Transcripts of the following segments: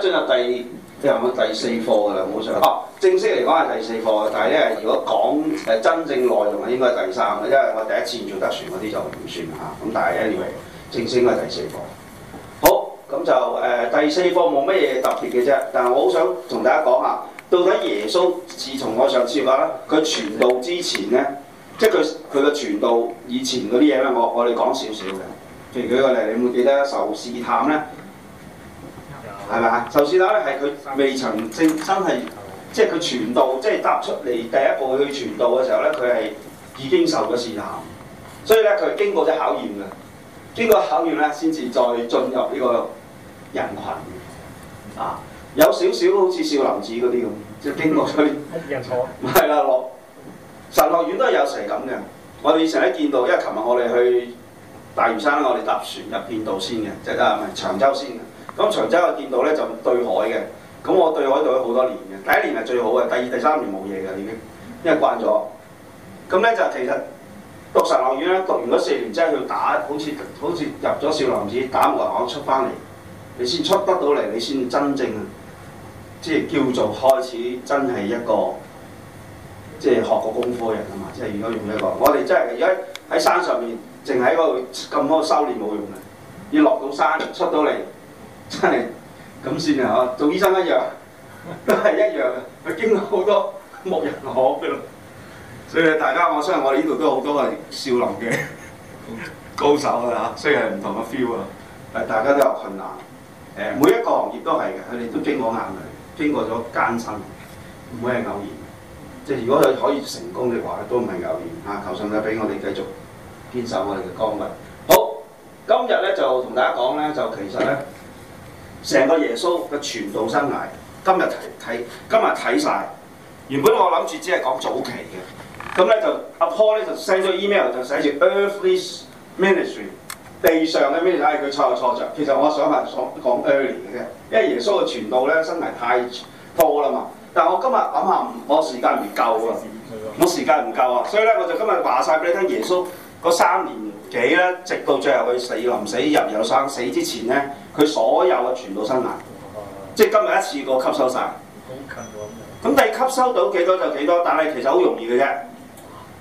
進入第即係我第四課㗎啦，冇好上。哦、啊，正式嚟講係第四課，但係呢，如果講誒真正內容係應該第三嘅，因為我第一次做特船嗰啲就唔算嚇。咁、啊、但係 anyway，正式應該第四課。好，咁就誒、呃、第四課冇乜嘢特別嘅啫。但係我好想同大家講下，到底耶穌自從我上次話咧，佢傳道之前呢，即係佢佢嘅傳道以前嗰啲嘢呢，我我哋講少少嘅。譬如舉個例，你會記得受試探呢。係咪啊？受試難咧係佢未曾正真係，即係佢傳道，即係踏出嚟第一步去傳道嘅時候咧，佢係已經受咗試難，所以咧佢經過咗考驗嘅，經過考驗咧先至再進入呢個人群。啊，有少少好似少林寺嗰啲咁，即係經過咗人坐。唔係啦，落神樂院都係有時係咁嘅。我哋以前喺劍道，因為琴日我哋去大嶼山，我哋搭船入劍道先嘅，即係啊唔係長洲先嘅。咁長洲我見到呢，就對海嘅，咁我對海對咗好多年嘅，第一年係最好嘅，第二第三年冇嘢嘅已經，因為慣咗。咁呢就其實讀神學院呢，讀完嗰四年之後去打好似好似入咗少林寺打木人巷出翻嚟，你先出得到嚟，你先真正即係叫做開始真係一個即係學過功課嘅人啊嘛！即係如果用呢個，我哋真係而家喺山上面淨喺嗰度咁多修練冇用嘅，要落到山出到嚟。真係咁先啊！嗬，做醫生一樣，都係一樣，佢經過好多無人可嘅。所以大家，我相信我哋呢度都好多係少林嘅高手啦！嚇，雖然係唔同嘅 feel 啊，誒，大家都有困難。誒，每一個行業都係嘅，佢哋都經過壓力，經過咗艱辛，唔會係偶然。即係如果佢可以成功嘅話，都唔係偶然嚇。求上天俾我哋繼續堅守我哋嘅崗位。好，今日呢，就同大家講呢，就其實呢。成個耶穌嘅傳道生涯，今日睇睇，今日睇曬。原本我諗住只係講早期嘅，咁咧就阿 Paul 咧就 send 咗 email 就寫住 Earthly Ministry，地上嘅 ministry，唉佢錯又錯着。其實我想係想講 early 嘅啫，因為耶穌嘅傳道咧生涯太多啦嘛。但係我今日諗下，我時間唔夠啊，我時間唔夠啊，所以咧我就今日話晒俾你聽，耶穌嗰三年幾咧，直到最後佢死臨死入有生死之前咧。佢所有嘅全部生涯，即係今日一次過吸收晒。好近咁樣。咁第吸收到幾多就幾多，但係其實好容易嘅啫，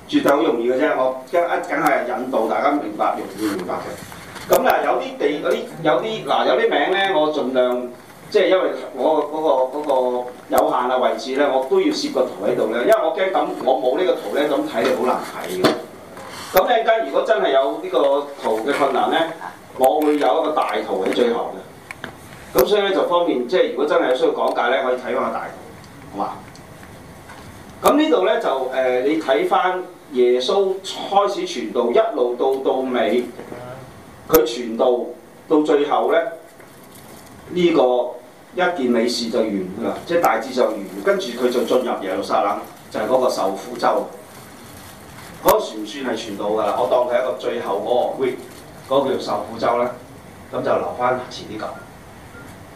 絕對好容易嘅啫，我驚一梗係引導大家明白，容易明白嘅。咁啊，有啲地啲，有啲嗱，有啲名咧，我儘量即係、即係、因為我嗰、嗰個嗰個有限嘅位置咧，我都要攝個圖喺度咧，因為我驚咁我冇呢個圖咧，咁睇咧好難睇嘅。咁陣間如果真係有呢個圖嘅困難咧，我會有一個大圖喺最後嘅，咁所以呢，就方便，即係如果真係有需要講解呢，可以睇翻個大圖，好嘛？咁呢度呢，就誒、呃，你睇翻耶穌開始傳道一路到到尾，佢傳道到最後呢，呢、這個一件美事就完㗎喇，即係大致就完。跟住佢就進入耶路撒冷，就係、是、嗰個受苦週，嗰、那個唔算係傳道㗎？我當佢係一個最後嗰個。嗰個叫受苦週咧，咁就留翻遲啲講，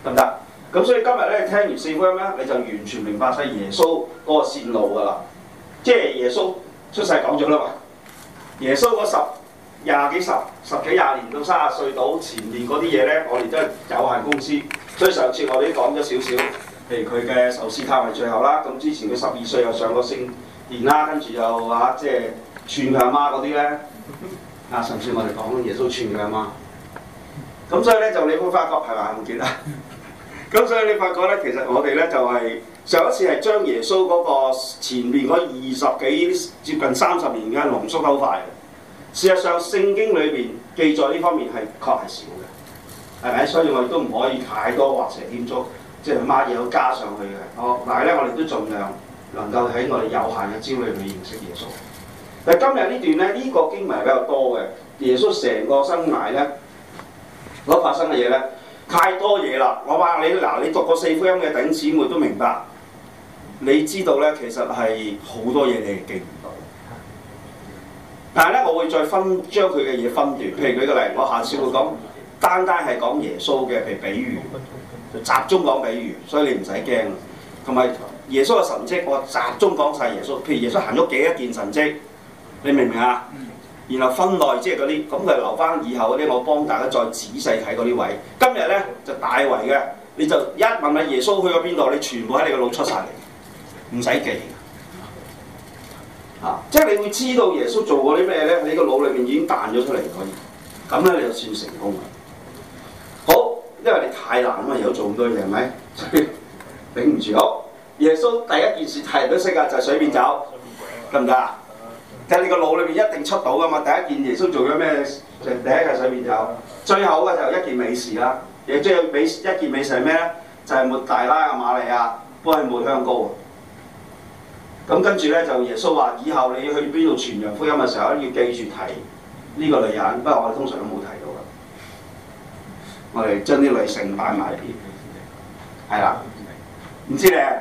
得唔得？咁所以今日咧聽完四福音咧，你就完全明白晒耶穌嗰個線路噶啦，即係耶穌出世講咗啦嘛。耶穌嗰十廿幾十十幾廿年到卅歲到前面嗰啲嘢咧，我哋都係有限公司，所以上次我哋都講咗少少，譬如佢嘅受試探係最後啦，咁之前佢十二歲又上過聖殿啦，跟住又嚇、啊、即係串佢阿媽嗰啲咧。啊，甚至我哋講耶穌串嘅嘛，媽，咁所以咧就你會發覺係咪？我唔記得，咁 所以你發覺咧，其實我哋咧就係、是、上一次係將耶穌嗰個前面嗰二十幾接近三十年嘅濃縮得好快。事實上聖經裏邊記載呢方面係確係少嘅，係咪？所以我亦都唔可以太多畫蛇添足，即係乜嘢都加上去嘅。哦，但係咧我哋都盡量能夠喺我哋有限嘅資源裏面認識耶穌。嗱，但今日呢段呢，呢、這個經文係比較多嘅，耶穌成個生涯呢，所發生嘅嘢呢，太多嘢啦。我話你嗱，你讀過四福音嘅弟兄姊妹都明白，你知道呢，其實係好多嘢你係記唔到。但係呢，我會再分將佢嘅嘢分段，譬如舉個例，我下次會講單單係講耶穌嘅，譬如比喻，就集中講比喻，所以你唔使驚。同埋耶穌嘅神跡，我集中講晒耶穌，譬如耶穌行咗幾多件神跡。你明唔明啊？然後分內即係嗰啲，咁佢留翻以後嗰啲，我幫大家再仔細睇嗰啲位。今日咧就大圍嘅，你就一問問耶穌去咗邊度，你全部喺你個腦出晒嚟，唔使記啊！即係你會知道耶穌做過啲咩咧？你個腦裏邊已經彈咗出嚟可以，咁咧你就算成功啦。好，因為你太難啊嘛，而家做咁多嘢係咪？頂唔住。好，耶穌第一件事係人都識噶，就係隨便走得唔得啊？你個腦裏面一定出到噶嘛？第一件耶穌做咗咩？第一嘅上面有，最後嘅就一件美事啦。亦即係美一件美事係咩咧？就係、是、抹大拉嘅瑪利亞幫佢抹香膏。咁跟住咧就耶穌話：以後你去邊度傳揚福音嘅時候，都要記住提呢個女人。不過我哋通常都冇提到啊。我哋將啲女性擺埋一邊，係啦。唔知你啊？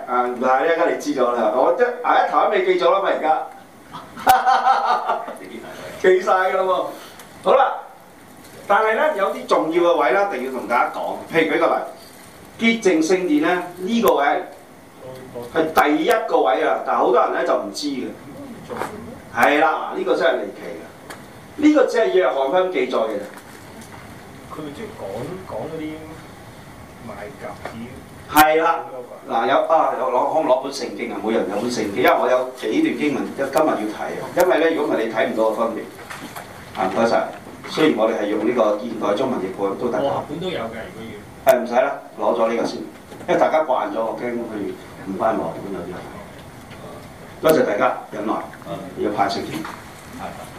嗱，而家你知咗啦。我一啊頭都未記咗啦，咪而家。記晒㗎啦喎，好啦，但係咧有啲重要嘅位咧，一定要同大家講。譬如舉個例，潔淨聖殿咧呢、呢個位係第一個位啊，但係好多人咧就唔知嘅，係啦、嗯，呢、呢個真係離奇啊！呢、呢個只係約翰香記載嘅，佢咪即係講講嗰啲賣鴿子？係啦，嗱有 啊，攞可攞本聖經啊？每人有本聖經，因為我有幾段經文，今日要睇。因為咧，如果唔係你睇唔到個分別。啊、嗯，唔該晒。雖然我哋係用呢個現代中文譯本，都得本都有㗎，如果要。誒唔使啦，攞咗呢個先，因為大家慣咗我驚佢唔翻幕，咁有啲多謝大家忍耐，嗯、要派食添。嗯嗯嗯嗯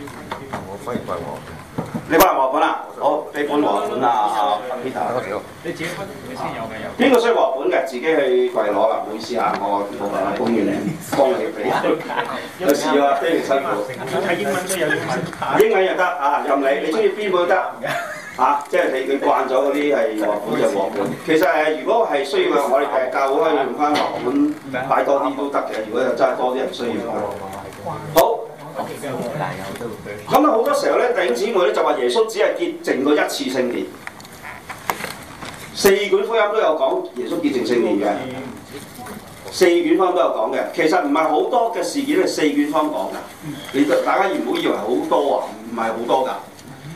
我分完櫃喎，你揾和本啊？好，你和本和本啊？Peter，你自己你有嘅有。邊個、啊、需要和本嘅？自己去櫃攞啦。唔好意思啊，我我幫你幫你俾。有事啊，爹哋辛苦。睇英文都有啲問題，英文又得啊，任你，你中意邊本都得。嚇、啊，即係你，佢慣咗嗰啲係和本就和本。其實係，如果係需要嘅，我哋教會用和和本擺可以唔分和本，擺多啲都得嘅。如果又真係多啲人需要 咁啊，好多時候咧，弟兄姊妹咧就話耶穌只係潔淨過一次聖殿，四卷福音都有講耶穌潔淨聖殿嘅。四卷福音都有講嘅，其實唔係好多嘅事件係四卷福音講嘅。你大家唔好以為好多啊，唔係好多噶。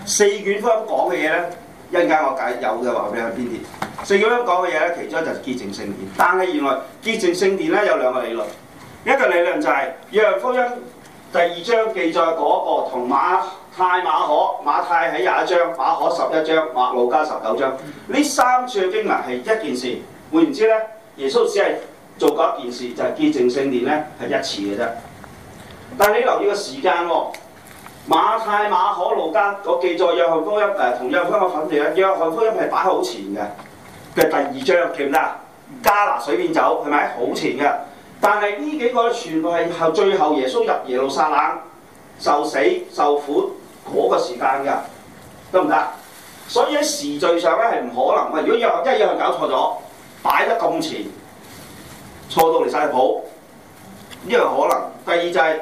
四卷福音講嘅嘢咧，一陣間我解有嘅話俾你聽，邊啲？四卷福音講嘅嘢咧，其中就係潔淨聖殿，但係原來潔淨聖殿咧有兩個理論，一個理論就係約福音。第二章記載嗰、那個同馬太、馬可、馬太喺廿一章，馬可十一章，馬路加十九章，呢三處經文係一件事。換言之咧，耶穌只係做過一件事，就係潔淨聖殿咧，係一次嘅啫。但你留意個時間喎，馬太、馬可、路加個記載約翰福音誒、呃、同約翰嘅分別咧，約翰福音係擺好前嘅，嘅第二章記唔記得啊？加拿水變酒係咪好前嘅？但係呢幾個全部係最後耶穌入耶路撒冷受死受苦嗰、那個時間噶，得唔得？所以喺時序上咧係唔可能嘅。如果一樣一行搞錯咗，擺得咁前，錯到嚟晒譜，呢樣可能。第二就係、是、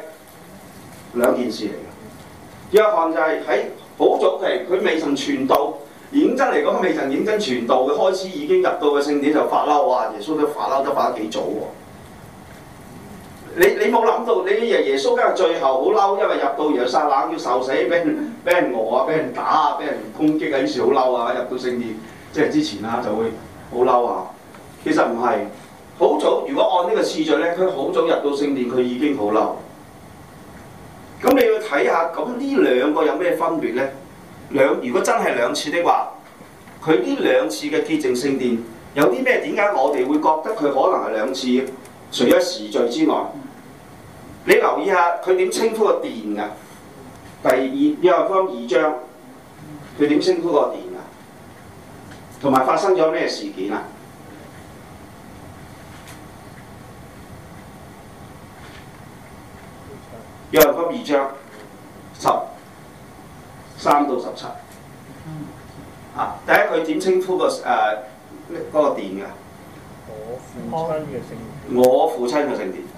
兩件事嚟嘅，一行就係喺好早期，佢未曾傳道，認真嚟講未曾認真傳道嘅開始已經入到嘅聖殿就發嬲，哇！耶穌都發嬲得發得幾早喎、啊、～你你冇諗到，你耶耶穌梗係最後好嬲，因為入到耶路撒冷要受死，俾人被人餓、呃、啊，俾人打啊，俾人攻擊啊，於是好嬲啊，入到聖殿即係之前啊就會好嬲啊。其實唔係，好早如果按呢個次序咧，佢好早入到聖殿，佢已經好嬲。咁你要睇下，咁呢兩個有咩分別咧？兩如果真係兩次的話，佢呢兩次嘅潔淨聖殿有啲咩？點解我哋會覺得佢可能係兩次？除咗時序之外。你留意下佢點稱呼個殿噶、啊？第二《約翰福音》二章，佢點稱呼個殿啊？同埋發生咗咩事件啊？《約翰福音》二章十三到十七，啊，第一佢點稱呼個誒嗰、呃那個殿噶、啊？我父親嘅聖我父親嘅聖殿。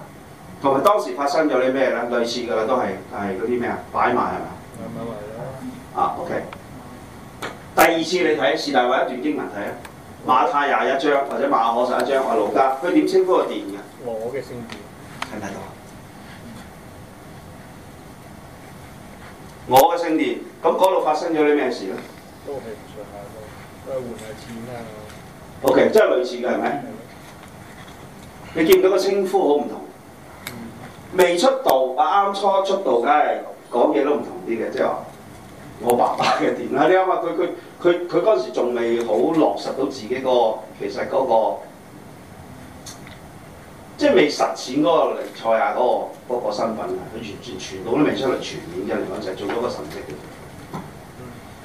同埋當時發生咗啲咩咧？類似噶啦，都係係嗰啲咩啊？擺埋係咪？擺埋啊，OK。第二次你睇是但為一段經文睇啊？馬太廿一章或者馬可十一章或路加，佢點稱呼個殿嘅？我嘅聖殿。睇唔睇到？嗯、我嘅聖殿。咁嗰度發生咗啲咩事咧？都係唔上下都都換下錢㗎。OK，即係類似嘅係咪？嗯、你見唔到個稱呼好唔同？未出道啊！啱初出道，梗係講嘢都唔同啲嘅。即係話我爸爸嘅電啊！你諗下，佢佢佢佢嗰陣時仲未好落實到自己個其實嗰個，即係未實踐嗰個黎賽亞嗰個身份啊！佢完全全部都未出嚟全面嘅嚟講，就係做咗個神職嘅。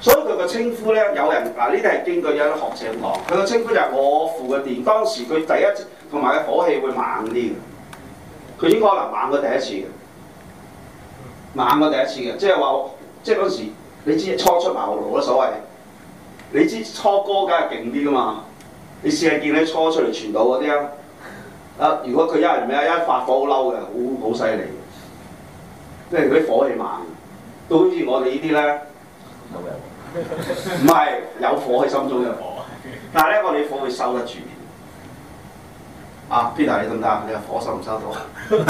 所以佢個稱呼咧，有人嗱呢啲係經過有啲學者講，佢個稱呼就係我父嘅電。當時佢第一同埋嘅火氣會猛啲嘅。佢應該可能猛過第一次嘅，猛過第一次嘅，即係話，即係嗰時你知初出茅廬啦，所謂，你知初哥梗係勁啲噶嘛？你試下見你初出嚟傳道嗰啲啊，啊！如果佢一係咩一發火好嬲嘅，好好犀利嘅，即係佢啲火氣猛，都好似我哋呢啲咧，冇嘅，唔係有火喺心中火，但係咧我哋啲火會收得住。啊 Peter 你得唔得？你話火收唔收到？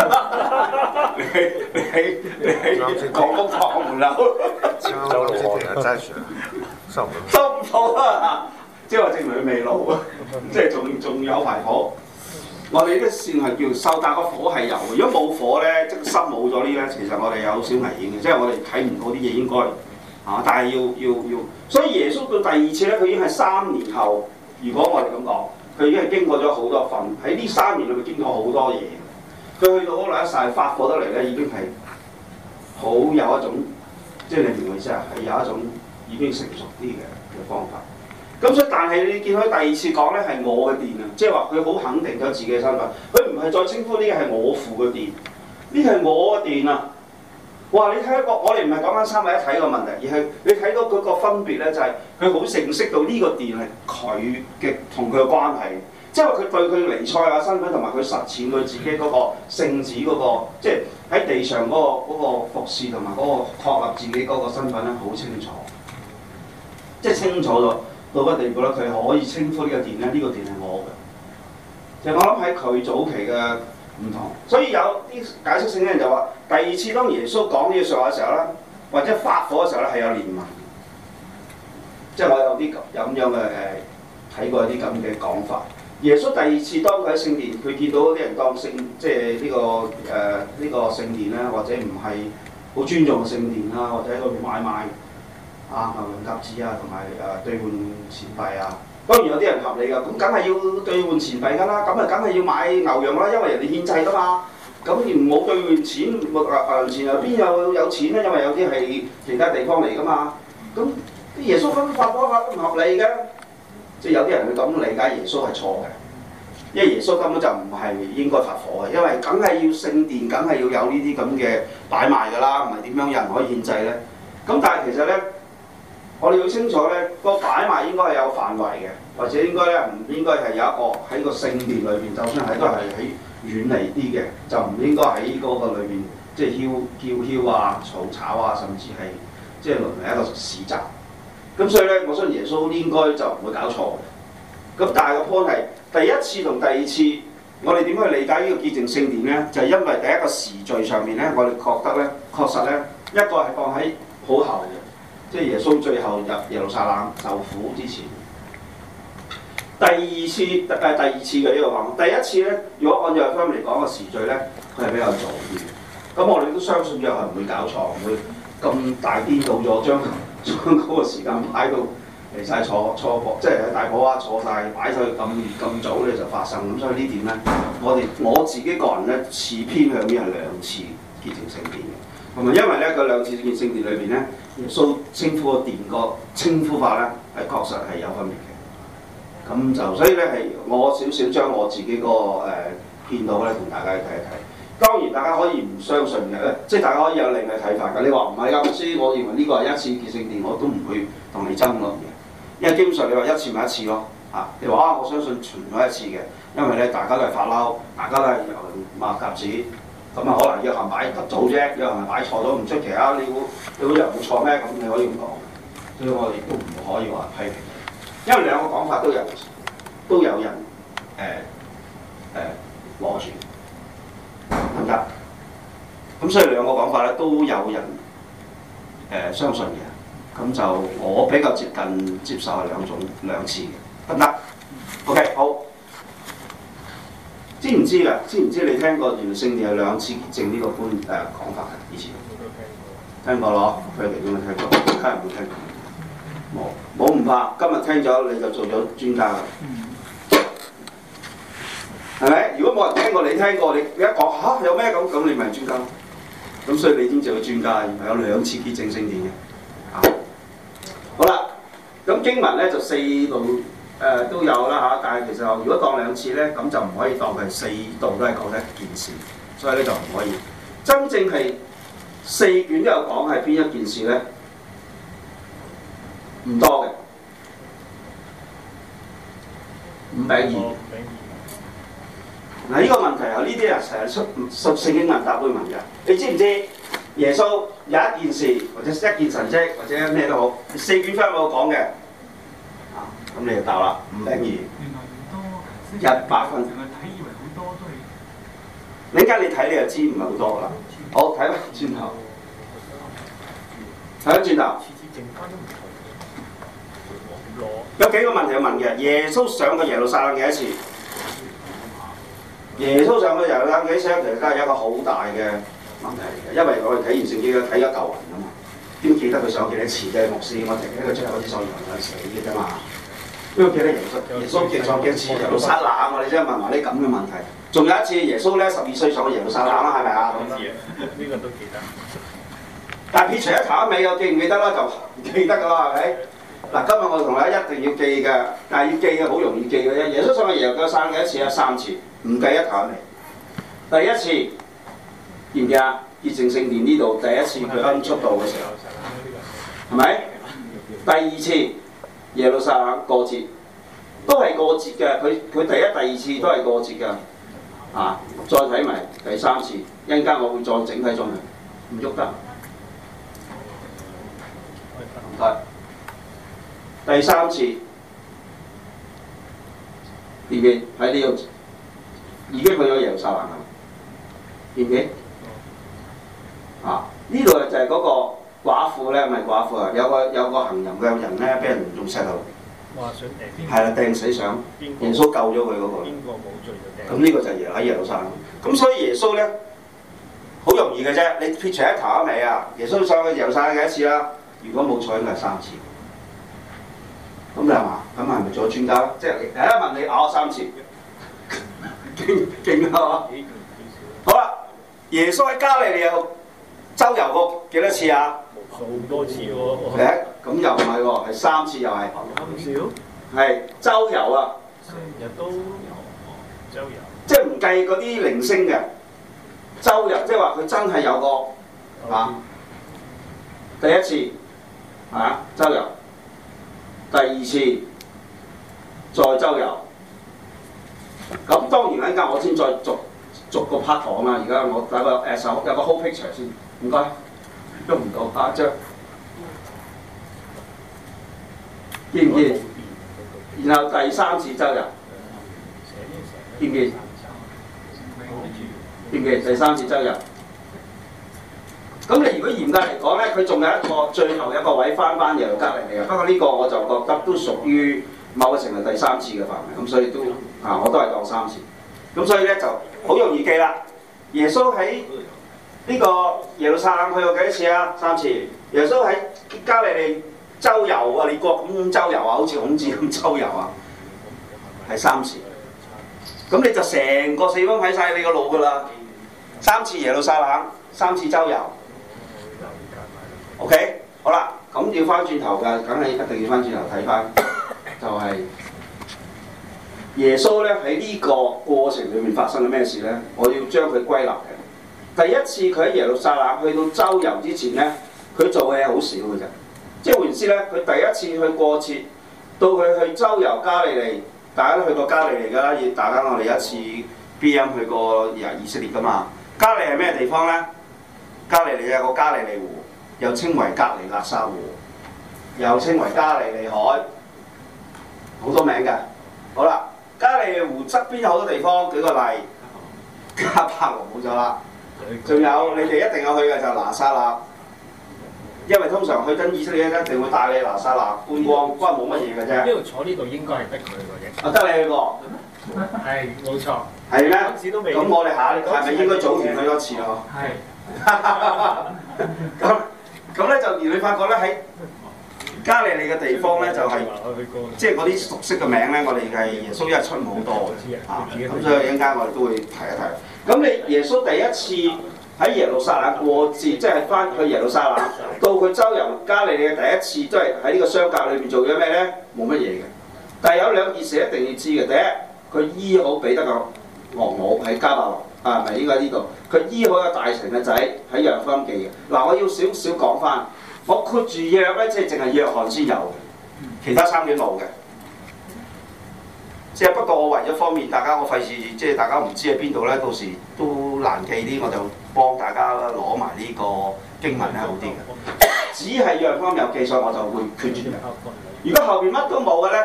你你你喺廣東堂門樓，ienne, 收唔到啊！God, cela, 即係話證明佢未老，即係仲仲有排火。我哋都算係叫收，但係個火係有。如果冇火咧，即係心冇咗呢啲咧，其實我哋有少危險嘅，即係我哋睇唔到啲嘢應該啊。但係要要要，所以耶穌到第二次咧，佢已經係三年後。如果我哋咁講。佢已經係經過咗好多份，喺呢三年裏面經過好多嘢。佢去到嗰度一曬發貨得嚟咧，已經係好有一種，即係你明我意思啊，係係有一種已經成熟啲嘅嘅方法。咁所以，但係你見佢第二次講咧，係我嘅殿啊，即係話佢好肯定咗自己嘅身份，佢唔係再稱呼呢個係我父嘅殿，呢個係我嘅殿啊。哇！你睇一個，我哋唔係講緊三位一體個問題，而係你睇到佢個分別咧，就係佢好認識到呢個殿係佢嘅同佢嘅關係，即係佢對佢彌賽亞身份同埋佢實踐佢自己嗰、那個聖子嗰、那個，即係喺地上嗰、那個那個服侍，同埋嗰個確立自己嗰個身份咧，好清楚，即係清楚到到乜地步咧？佢可以稱呼呢個殿咧，呢、這個殿係我嘅。其實我諗喺佢早期嘅。唔同，所以有啲解釋性嘅人就話：第二次當耶穌講呢句說話嘅時候啦，或者發火嘅時候咧，係有憐憫。即係我有啲咁有咁樣嘅誒，睇過一啲咁嘅講法。耶穌第二次當佢喺聖殿，佢見到啲人當聖，即係呢、呢個誒呢、呃呢個聖殿啦，或者唔係好尊重聖殿啦，或者喺度買賣啊、鴿子啊，同埋誒兌換錢幣啊。當然有啲人合理噶，咁梗係要對換錢幣噶啦，咁啊梗係要買牛羊啦，因為人哋獻祭噶嘛。咁而冇對換錢，錢又邊有有錢呢？因為有啲係其他地方嚟噶嘛。咁啲耶穌根本發火法都唔合理嘅，即係有啲人會咁理解耶穌係錯嘅，因為耶穌根本就唔係應該發火嘅，因為梗係要聖殿，梗係要有呢啲咁嘅擺賣噶啦，唔係點樣有人可以獻祭呢？咁但係其實呢。我哋要清楚咧，嗰個擺賣應該係有範圍嘅，或者應該咧唔應該係有、哦、一個喺個聖殿裏邊，就算係都係喺遠離啲嘅，就唔應該喺嗰個裏邊，即係囂叫囂啊、嘈吵啊，甚至係即係淪為一個市集。咁所以咧，我相信耶穌應該就唔會搞錯嘅。咁但係個 point 係第一次同第二次，我哋點去理解呢個潔淨聖殿咧？就係、是、因為第一個時序上面咧，我哋覺得咧確實咧一個係放喺好後嘅。即係耶穌最後入耶路撒冷受苦之前，第二次誒第二次嘅呢個項目，第一次咧，如果按約翰嚟講嘅時序咧，佢係比較早啲。咁我哋都相信約翰唔會搞錯，唔會咁大顛倒咗將將嗰個時間擺到嚟晒錯錯過，即係大婆啊錯曬擺到咁咁早咧就發生。咁所以點呢點咧，我哋我自己個人咧，似偏向於係兩次潔淨聖殿嘅，同埋因為咧佢兩次潔淨聖殿裏邊咧。蘇、so, 稱呼個電個稱呼法呢，係確實係有分別嘅。咁就所以呢，係我少少將我自己個誒、呃、見到呢同大家去睇一睇。當然大家可以唔相信嘅即係大家可以有另外睇法㗎。你話唔係啊，老師，我認為呢個係一次潔淨殿，我都唔會同你爭論嘅。因為基本上你話一次咪一次咯，嚇、啊。你話啊，我相信存咗一次嘅，因為呢，大家都係發嬲，大家都係有敏感啲。咁啊，可能約翰擺得早啫，約翰咪擺錯咗，唔出奇啊！你估，你估人會錯咩？咁你可以咁講，所以我亦都唔可以話批評，因為兩個講法都有都有人誒誒攞住，得唔得？咁所以兩個講法咧都有人誒、呃、相信嘅，咁就我比較接近接受係兩種兩次，得唔得？OK 好。知唔知㗎？知唔知你聽過原聖殿有兩次潔淨呢個觀誒講法嘅？以前聽過，聽過咯。佢哋邊度聽過？其他人冇聽過。冇，唔怕。今日聽咗你就做咗專家啦。係咪？如果冇人聽過你聽過，你一講吓，有咩咁咁？你咪專家。咁所以你已經做咗專家，係有兩次潔淨聖殿嘅。啊，好啦，咁經文咧就四到。誒、呃、都有啦嚇、啊，但係其實如果當兩次咧，咁就唔可以當佢四度都係講一件事，所以咧就唔可以。 真正係四卷都有講係邊一件事咧？唔多嘅，五比二。嗱， 呢 個問題係呢啲人成日出十四嘅問答會問嘅，你知唔知耶穌有一件事或者一件神跡或者咩都好，四卷都有冇講嘅？咁你就答啦，五點二，一百分。你而家你睇你就知唔係好多啦。好，睇轉頭，睇轉頭。頭有幾個問題要問嘅？耶穌上過耶路撒冷幾多次？耶穌上過耶路撒冷幾多次咧？其實都係一個好大嘅問題嚟嘅，因為我哋睇完聖經啊，睇咗舊雲咁啊，都唔記得佢上咗幾多次嘅牧師。我淨係記得最後一次上完就死嘅啫嘛。呢個記得耶穌耶穌上幾次嘅？耶路撒冷啊！你真問埋啲咁嘅問題，仲有一次耶穌咧十二歲上耶路撒冷啦，係咪啊？呢、嗯這個都記得，但撇除一頭一尾，記唔記得啦？就唔記得噶啦，係咪？嗱，今日我同你一定要記嘅，但係要記嘅好容易記嘅啫。耶穌上嘅耶路撒冷嘅一次啊三次，唔計一頭一尾。第一次，記唔記啊？潔淨聖殿呢度第一次佢啱出道嘅時候，係咪、嗯？一一是是第二次。耶路撒冷過節，都係過節嘅。佢佢第一、第二次都係過節嘅。啊，再睇埋第三次，一陣間我會再整體進行，唔喐得。唔該、嗯。第三次，B B 喺呢度，已經去咗耶路撒冷啦。B B，啊，呢度就係嗰、嗰個。寡婦咧，唔係寡婦啊！有個有個行人佢有人咧，俾人用石頭，係啦，掟死上耶穌救咗佢嗰個。咁呢個就係耶路撒冷。咁所以耶穌咧好容易嘅啫。你撇除一頭阿尾啊，耶穌上去耶路撒冷幾多次啦？如果冇彩應該係三次。咁你話，咁係咪做咗專家？即係第一問你咬三次，驚唔驚啊？好啦，耶穌喺加利利周遊過幾多次啊？好多次喎、哦，誒、啊，咁又唔係喎，係三次又係，三次係周遊啊，成日都有周，遊周遊，即係唔計嗰啲零星嘅周遊，即係話佢真係有個啊第一次啊周遊，第二次再周遊。咁當然等陣我先再逐逐個拍檔啦。而家我有個誒手有個 whole picture 先，唔該。都唔夠誇張，記唔記？然後第三次周遊，記唔記？記唔記？見見嗯、第三次周遊。咁、嗯、你如果嚴格嚟講咧，佢仲有一個最後一個位翻翻由加利利嘅。不過呢個我就覺得都屬於某程度第三次嘅範圍，咁所以都、嗯、啊我都係當三次。咁所以咧就好容易記啦。耶穌喺呢個耶路撒冷去過幾多次啊？三次。耶穌喺加利利周遊啊，列國咁周遊啊，好似孔子咁周遊啊，係三次。咁你就成個四方睇晒你個路噶啦。三次耶路撒冷，三次周遊。O、okay? K，好啦，咁要翻轉頭噶，梗係一定要翻轉頭睇翻，就係、是、耶穌咧喺呢個過程裏面發生咗咩事咧？我要將佢歸納嘅。第一次佢喺耶路撒冷去到周遊之前咧，佢做嘅嘢好少嘅啫。即係換言之咧，佢第一次去過節，到佢去周遊加利利，大家都去過加利利㗎啦。亦大家我哋有一次 B M 去過也以色列㗎嘛。加利係咩地方咧？加利利有個加利利湖，又稱為格尼納沙湖，又稱為加利利海，好多名嘅。好啦，加利利湖側邊好多地方，舉個例，加帕羅冇咗啦。仲有你哋一定要去嘅就係拿撒勒，因為通常去緊以色列一定會帶你去拿撒勒觀光，不過冇乜嘢嘅啫。呢度坐呢度應該係得佢嘅啫。我得你去過，係冇錯。係咩？咁我哋下一次係咪應該早完去多次咯？係。咁咁咧就而你發覺咧喺加利利嘅地方咧就係，即係嗰啲熟悉嘅名咧，我哋係耶穌一出好多嘅啊，咁所以一陣間我哋都會提一提。咁你耶穌第一次喺耶路撒冷過節，即係翻去耶路撒冷，到佢周遊加利利嘅第一次，都係喺呢個商界裏邊做咗咩咧？冇乜嘢嘅。但係有兩件事一定要知嘅。第一，佢醫好彼得嘅岳母喺加百列，啊，係咪應該呢度。佢、這個、醫好個大臣嘅仔喺約翰記嘅。嗱、啊，我要少少講翻，我括住約咧，即係淨係約翰先有，其他三卷冇嘅。即係不過我為咗方便大家，我費事即係大家唔知喺邊度咧，到時都難記啲，我就幫大家攞埋呢個經文咧好啲。只係楊方有記，所以我就會決絕。如果後邊乜都冇嘅咧，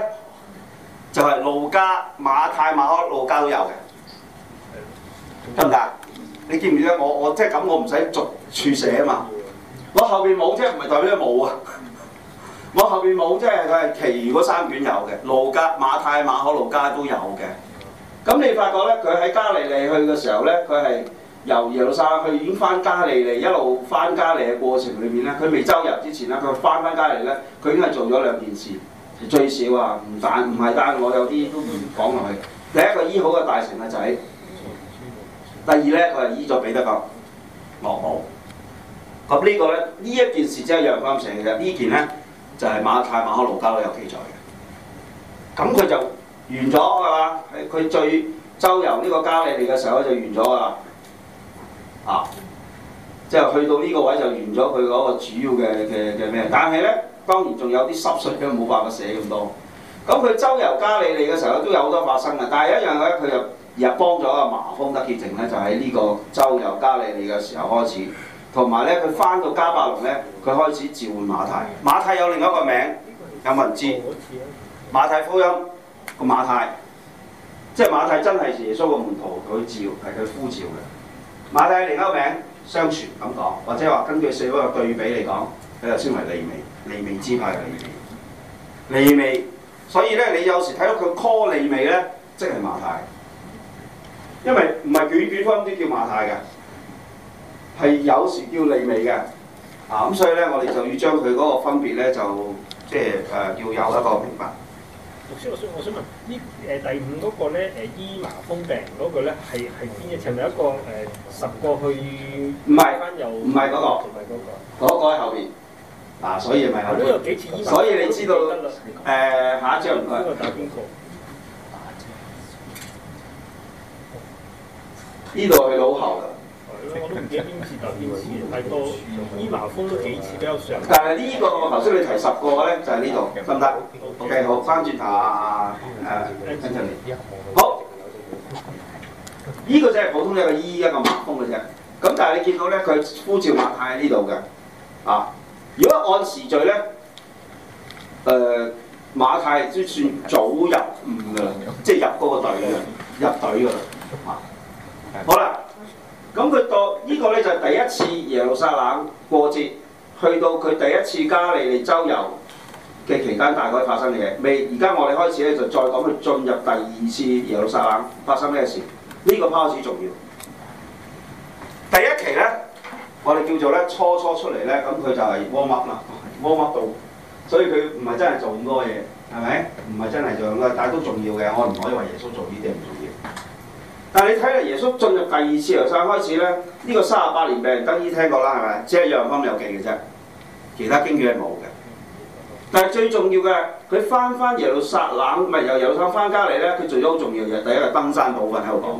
就係、是、路加、馬太、馬可、路加都有嘅，得唔得？你記唔記得？我我即係咁，我唔使、就是、逐處寫啊嘛。我後邊冇即啫，唔係代表冇啊。 我後邊冇，即係佢係其餘嗰三卷有嘅，路加、馬太、馬可、路加都有嘅。咁你發覺呢，佢喺加利利去嘅時候呢，佢係由耶路撒冷，佢已經翻加利利，一路翻加利嘅過程裏面呢，佢未周遊之前呢，佢翻翻加利利呢，佢已經係做咗兩件事。最少啊，唔單唔係單，我有啲都唔講落去。第一個醫好個大城嘅仔，第二呢，佢係醫咗彼得個岳母。咁呢個呢，呢一件事即係佢方成嘅。呢件呢。就係馬太馬可路加都有記載嘅，咁佢就完咗係嘛？佢最周遊呢個加利利嘅時候就完咗啦，啊，即係去到呢個位就完咗佢嗰個主要嘅嘅嘅咩？但係呢，當然仲有啲濕碎嘅冇辦法寫咁多。咁佢周遊加利利嘅時候都有好多發生嘅，但係一樣咧，佢又又幫咗阿麻風得潔淨呢就喺呢個周遊加利利嘅時候開始。同埋咧，佢翻到加百隆咧，佢開始召喚馬太。馬太有另一個名，有冇人知？馬太福音個馬太，即係馬太真係耶穌個門徒，佢召係佢呼召嘅。馬太另一個名，相傳咁講，或者話根據四福音嘅對比嚟講，佢就稱為利未，利未支派嘅利未，利未。所以咧，你有時睇到佢 call 利未咧，即係馬太，因為唔係卷卷方啲叫馬太嘅。係有時叫利未嘅，啊咁所以咧，我哋就要將佢嗰個分別咧，就即係誒要有一個明白。我我想問，依誒、呃、第五嗰個咧，誒醫麻風病嗰個咧係係邊嘅？係咪一個誒、呃、十個去翻又唔係嗰唔係嗰個，嗰、嗰個喺後邊。嗱、啊，所以咪有幾次，所以你知道誒、呃、下一張唔該。呢度係老後我都唔知邊次特別嘅，係、這個醫痲瘋都幾次比較常。但係呢個頭先你提十個咧，就係呢度得唔得？OK，好翻轉頭啊啊，啊，跟住嚟。Anthony. 好，呢 個就係普通、這個 e, 一個醫一、這個痲瘋嘅啫。咁但係你見到咧，佢呼召馬太喺呢度嘅啊。如果按時序咧，誒、呃、馬太都算早入伍㗎啦，即、就、係、是、入嗰個隊㗎，入隊㗎啦。啊、 好啦。咁佢到呢個呢，就係第一次耶路撒冷過節，去到佢第一次加利利周遊嘅期間大概發生嘅嘢。未而家我哋開始呢，就再講佢進入第二次耶路撒冷發生咩事，呢、這個 p o s 重要。第一期呢，我哋叫做呢初初出嚟呢，咁、嗯、佢就係 warm up 啦，warm up 到，所以佢唔係真係做咁多嘢，係咪？唔係真係做咁多，但係都重要嘅。我唔可以話耶穌做呢啲唔重要。但係你睇啦，耶穌進入第二次嘅山開始咧，呢、這個三十八年病得依聽過啦，係咪？只係楊方有記嘅啫，其他經卷冇嘅。但係最重要嘅，佢翻翻耶路撒冷，咪由耶路撒冷翻家嚟咧，佢做咗好重要嘅。第一係登山寶訓有講，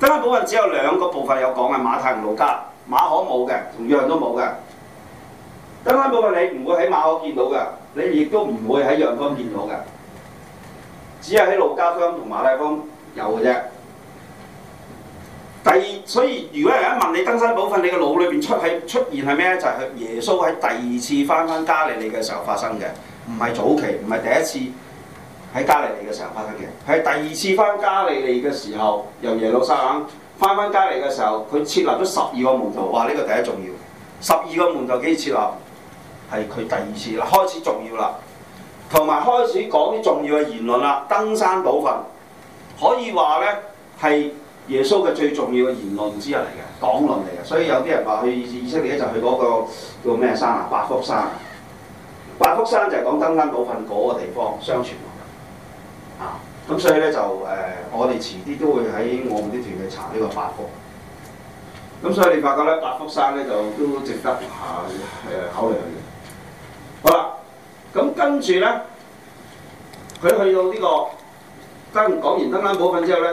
登山寶訓只有兩個部分有講嘅，馬太同路加，馬可冇嘅，同楊都冇嘅。登山寶訓。你唔會喺馬可見到嘅，你亦都唔會喺楊方見到嘅，只係喺路加福音同馬太福有嘅啫。第二，所以如果人一問你登山寶訓，你個腦裏邊出係出現係咩咧？就係佢耶穌喺第二次翻返返加利利嘅時候發生嘅，唔係早期，唔係第一次喺加利利嘅時候發生嘅。係第二次翻加利利嘅時候，由耶路撒冷翻返加利嘅時候，佢設立咗十二個門徒。哇！呢個第一重要。十二個門徒幾時設立？係佢第二次啦，開始重要啦，同埋開始講啲重要嘅言論啦。登山寶訓。可以話咧係耶穌嘅最重要嘅言論之一嚟嘅講論嚟嘅，所以有啲人話去以色列就去嗰個叫咩山啊，八福山。八福山就係講登山寶訓嗰個地方相，相傳啊，咁所以咧就誒、呃，我哋遲啲都會喺我哋啲團去查呢個八福。咁所以你發覺咧，八福山咧就都值得嚇誒、啊啊、考慮去嘅。好啦，咁跟住咧，佢去到呢、這個。跟講完登山寶訓之後呢，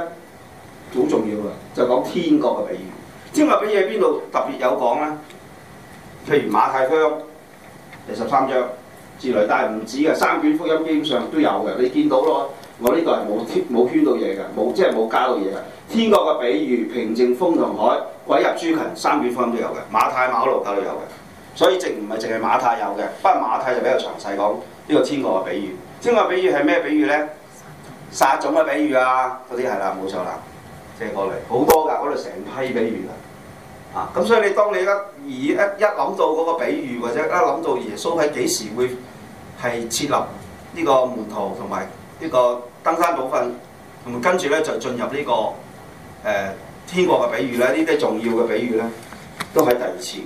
好重要啊！就講天國嘅比喻，天國比喻喺邊度特別有講呢？譬如馬太香第十三章，自然，但係唔止嘅，三卷福音基本上都有嘅，你見到咯。我呢個係冇圈冇圈到嘢嘅，冇即係冇加到嘢嘅。天國嘅比喻，平靜風同海，鬼入豬群，三卷福音都有嘅，馬太、馬可、路加都有嘅。所以淨唔係淨係馬太有嘅，不過馬太就比較詳細講呢個天國嘅比喻。天國比喻係咩比喻呢？撒種嘅比喻啊，嗰啲係啦，冇錯啦，即係過嚟好多㗎，嗰度成批比喻㗎，啊咁所以你當你一一一諗到嗰個比喻，或者一諗到耶穌喺幾時會係設立呢個門徒同埋呢個登山寶訓，咁跟住咧就進入呢、呢個誒、呃、天國嘅比喻咧，呢啲重要嘅比喻咧，都喺第二次呢、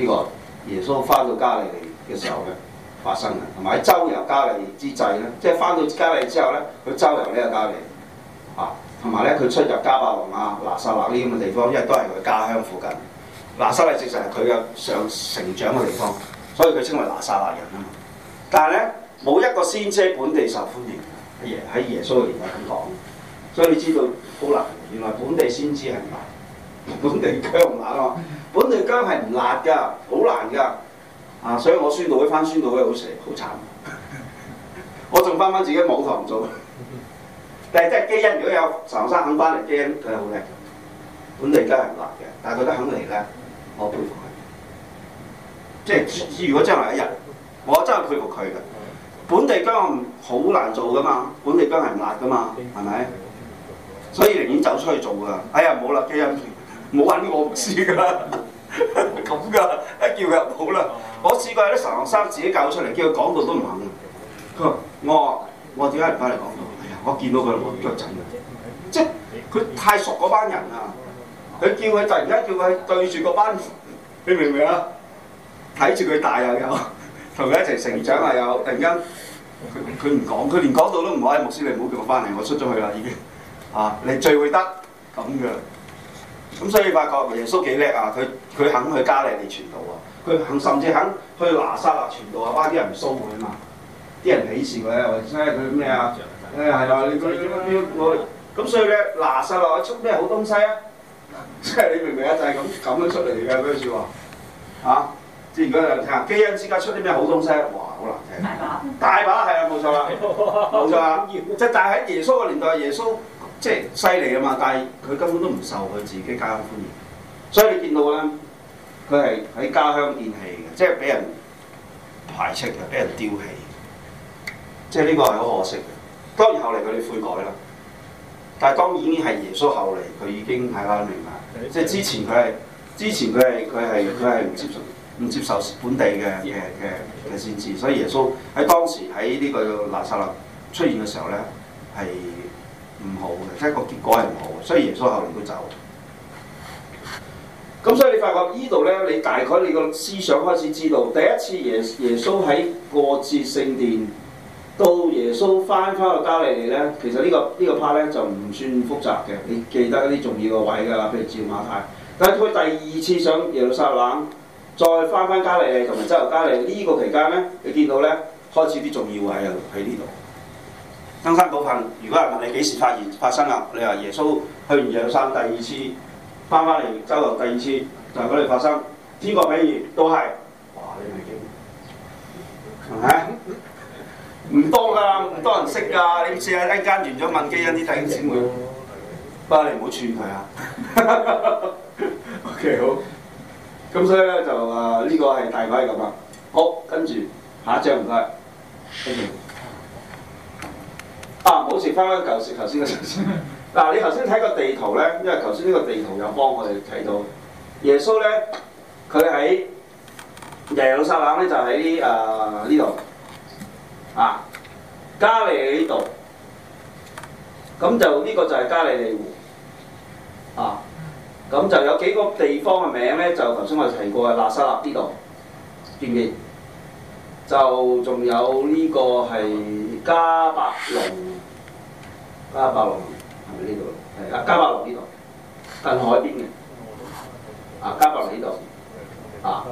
呢個耶穌翻到加利利嘅時候咧，發生嘅，同埋喺周遊加利之際咧，即係翻到加利之後咧，佢周遊呢個加利啊，同埋咧佢出入迦百農啊、拿撒勒呢啲咁嘅地方，因為都係佢家鄉附近。拿撒勒其實係佢嘅上成長嘅地方，所以佢稱為拿撒勒人啊嘛。但係咧，冇一個先知本地受歡迎嘅，耶喺耶穌嘅年代咁講，所以你知道好難。原來本地先知係唔辣，本地薑唔辣啊嘛，本地薑係唔辣㗎，好難㗎。啊！所以我宣道會翻宣道會好死，好慘， 我仲翻翻自己網堂做， 但係真係基恩如果有常山肯翻嚟，基恩佢係好叻嘅，本地姜係唔辣嘅，但係佢都肯嚟咧，我佩服佢。即係如果真係一日，我真係佩服佢嘅。本地姜好難做噶嘛，本地姜係唔辣噶嘛，係咪？所以寧願走出去做噶！哎呀，冇啦，基恩冇揾我，唔知噶啦。 咁噶、 啊，一叫佢唔好啦。 我試過有啲神學生自己教出嚟，叫佢講道都唔肯。佢話：我我點解唔翻嚟講道？哎呀，我見到佢我腳震㗎，即係佢太熟嗰班人啊。佢叫佢突然間叫佢對住嗰班，你明唔明啊？睇住佢大又有，同佢一齊成長又有，突然間佢佢唔講，佢連講道都唔可以。牧師你唔好叫我翻嚟，我出咗去啦已經。啊，你聚會得咁嘅。咁所以發覺耶穌幾叻啊！佢佢肯去加利利傳道啊，佢肯甚至肯去拿撒勒傳道啊！哇！啲人唔收佢啊嘛，啲人鄙視佢啊！或者佢咩啊？誒係啊！你佢我？咁所以咧，拿撒勒出咩好東西啊？即係你明唔明啊？就係咁咁樣出嚟嘅嗰啲說話喎，嚇！即係如果你睇下基恩之家出啲咩好東西？哇！好難聽，大把，大把係啊，冇錯啦，冇錯啊！即係但係喺耶穌嘅年代，耶穌。即係犀利啊嘛，但係佢根本都唔受佢自己家鄉歡迎，所以你見到啦，佢係喺家鄉見棄嘅，即係俾人排斥嘅，俾人丟棄，即係呢個係好可惜嘅。當然後嚟佢哋悔改啦，但係當然已係耶穌後嚟，佢已經係啦明白，即係之前佢係之前佢係佢係佢係唔接受唔接受，本地嘅嘅嘅嘅先知，所以耶穌喺當時喺呢個拿撒勒出現嘅時候，咧係。唔好嘅，即係個結果係唔好嘅。所以耶穌後嚟都走，咁所以你發覺呢度呢，你大概你個思想開始知道，第一次耶耶穌喺過節聖殿，到耶穌翻返去加利利呢，其實、這個這個、呢個呢個 part 呢就唔算複雜嘅，你記得嗰啲重要嘅位㗎啦，譬如召馬太。但係佢第二次上耶路撒冷，再翻返加利利同埋周遊加利利呢、這個期間呢，你見到呢開始啲重要位喺呢度。登山寶訓，如果係問你幾時發現發生啊？你話耶穌去完耶山第二次翻返嚟周遊，第二次就嗰、是、度發生。呢個比喻都係。哇！你係經係唔多㗎，唔多嗎 人識㗎。你試下一陣間完咗問基因啲弟兄姊妹，不過唔好串佢啊。 o、okay, K，好。咁所以咧就誒呢、呃這個係大概係咁。好，跟住下一張唔該，多謝。 啊！冇事翻翻，舊時頭先嘅頭先。嗱、啊，你頭先睇個地圖咧，因為頭先呢個地圖有幫我哋睇到耶穌咧，佢喺耶路撒冷咧就喺誒呢度啊，加利利呢度，咁就呢個就係加利利湖啊。咁就有幾個地方嘅名咧，就頭先我哋提過嘅拿撒勒呢度，見唔見？就仲有呢個係。迦百農，迦百農係咪呢度？係啊，迦百農呢度近海邊嘅。啊，迦百農呢度啊。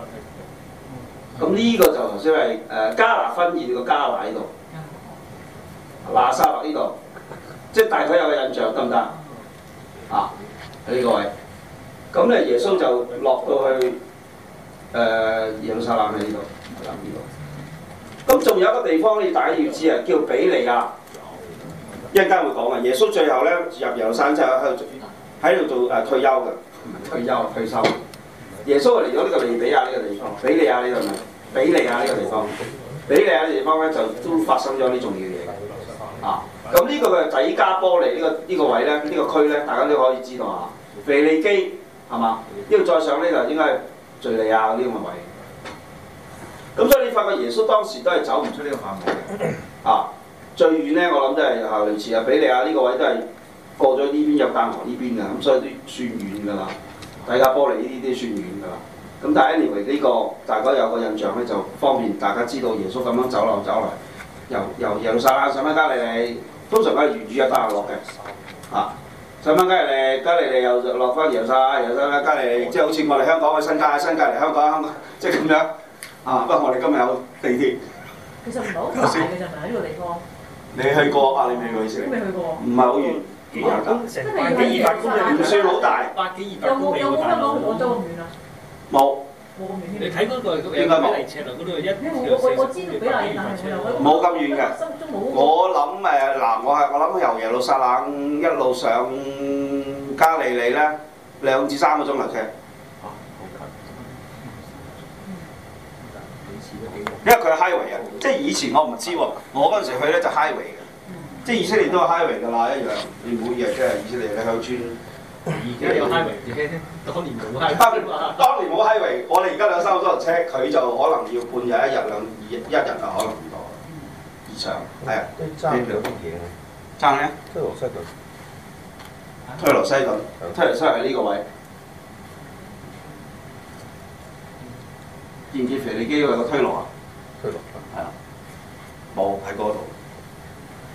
咁呢個就即係誒加拿婚宴、這個加拿喺度，拿撒勒呢度，即係大概有個印象得唔得啊？呢、這個位，咁、啊、咧耶穌就落到去、呃、耶路撒冷喺度，喺呢度。咁仲有一個地方咧，大家要知啊，叫比利亞，一陣間會講啊。耶穌最後咧入猶山之後喺度做喺度做啊退休嘅，退休退休。耶穌係嚟咗呢個利比亞呢個地方，比利亞呢個咩？比利亞呢個地方，比利亞呢個地方咧就都發生咗啲重要嘢啊！咁呢個嘅底加波利呢個呢、呢個位咧，呢、呢個區咧，大家都可以知道啊。腓利基係嘛？要再上咧、呢度、就、個、應該係敍利亞嗰啲咁嘅位。咁所以你發覺耶穌當時都係走唔出呢個範圍啊！最遠呢，我諗都係嚇類似日比利亞呢個位，都係過咗呢邊約旦河呢邊嘅，咁所以都算遠㗎啦。底格波利呢啲都算遠㗎啦。咁但係 anyway，呢個大家有個印象咧，就方便大家知道耶穌咁樣走落走嚟，由由由晒拉上翻加利利，通常都係沿著約旦河落嘅嚇。上翻加利利，加利利又落翻由晒。由撒拉加利，即係好似我哋香港去新界，新界嚟香港，即係咁樣。啊，不過我哋今日有地鐵。其實唔係好遠嘅啫，係咪喺呢個地方？你去過啊？你未去過先？都未去過。唔係好遠。幾廿公？幾唔算好大。百幾二百有冇有冇香港？冇啊！冇。咁遠。你睇嗰個係我冇咁遠嘅。我諗誒，嗱，我係我諗由耶路撒冷一路上加利利咧，兩至三個鐘頭車。因為佢係 highway 啊，即係以前我唔知喎，我嗰陣時去咧就 highway 嘅，即係以色列都係 highway 㗎啦，一樣你。你唔好以為即係以色列嘅鄉村，而家有 highway 嘅。High way, 當年冇 high，way, 當年冇 highway， 我哋而家兩三個鐘頭車，佢就可能要半日一日兩二一日就可能唔同，以上。係啊，爭兩分錢啊！爭咩？推羅西頓，推羅西頓，推羅西喺呢個位，見唔見腓尼基有個推羅啊！係啊，冇喺嗰度。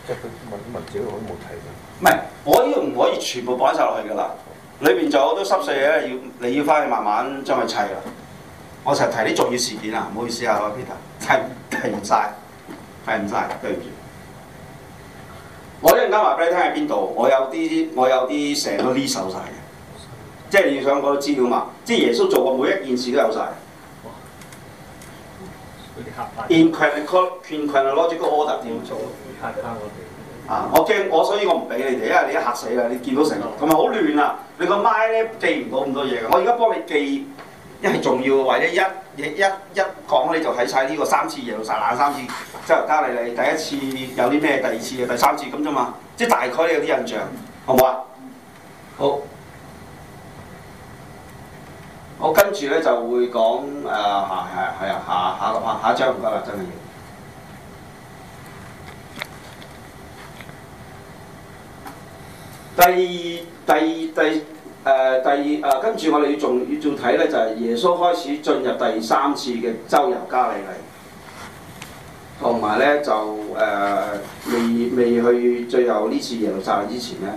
即係啲文文字我都冇睇。唔係，我呢個唔可以全部擺晒落去噶啦。裏邊就有啲濕碎嘢，要你要翻去慢慢將佢砌啦。我成日提啲重要事件啊，唔好意思啊，Peter，提提唔晒，提唔晒。對唔住。我一陣間話俾你聽係邊度？我有啲我有啲成個呢手晒嘅，的即係你要想嗰啲資料嘛，即係耶穌做過每一件事都有晒。in chronological order 點做啊！我驚我，所以我唔俾你哋，因為你而家嚇死啦！你見到成個，同埋好亂啊！你個麥咧記唔到咁多嘢嘅，我而家幫你記，一係重要嘅話咧，一嘢一一講你就睇晒呢個三次嘢，到曬兩三次，即係加你嚟，第一次有啲咩，第二次啊，第三次咁啫嘛，即係大概你有啲印象，好唔好啊？好。好我跟住呢就會講啊，啊，啊，下下下下一章唔得啦，真係要。第第第誒第二跟住我哋仲要仲睇呢，就係耶穌開始進入第三次嘅周遊加利利，同埋呢就誒未未去最後呢次耶路撒冷之前咧，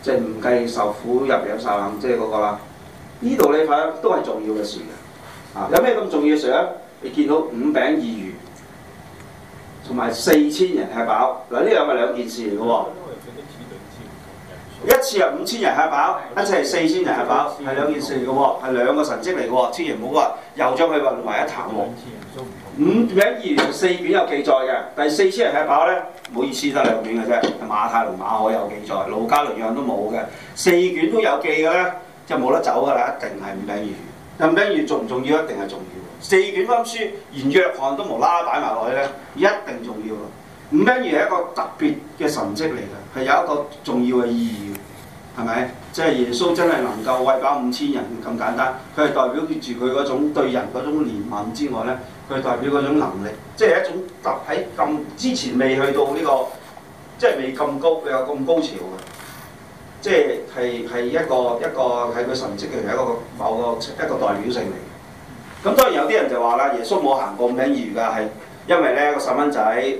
即係唔計受苦入耶路撒冷，即係嗰個啦。呢度你睇都係重要嘅事，啊有咩咁重要嘅事咧？你見到五餅二魚，同埋四千人吃飽。嗱呢兩咪兩件事嚟嘅喎，一次係五千人吃飽，嗯、一次係四千人吃飽，係兩、嗯嗯、件事嚟嘅喎，係兩、嗯、個神跡嚟嘅喎。千祈唔好話又將佢混為一談喎。嗯、五餅二魚四卷有記載嘅，但係四千人吃飽呢，唔好意思，得兩卷嘅啫。馬太龍、馬可有記載，路加、路養都冇嘅，四卷都有記嘅呢。就冇得走㗎啦，一定係五餅魚。五餅魚重唔重要？一定係重要。四卷福音書，連約翰都無啦啦擺埋落去呢，一定重要。五餅魚係一個特別嘅神蹟嚟嘅，係有一個重要嘅意義。係咪？即係耶穌真係能夠餵飽五千人咁簡單，佢係代表住佢嗰種對人嗰種憐憫之外呢，佢係代表嗰種能力，即係一種突喺咁之前未去到呢個，即係未咁高，佢有咁高潮㗎。即係係係一個一個喺佢神蹟嘅人一個某個一個代表性嚟嘅。咁當然有啲人就話啦，耶穌冇行過五餅二魚㗎，係因為呢個細蚊仔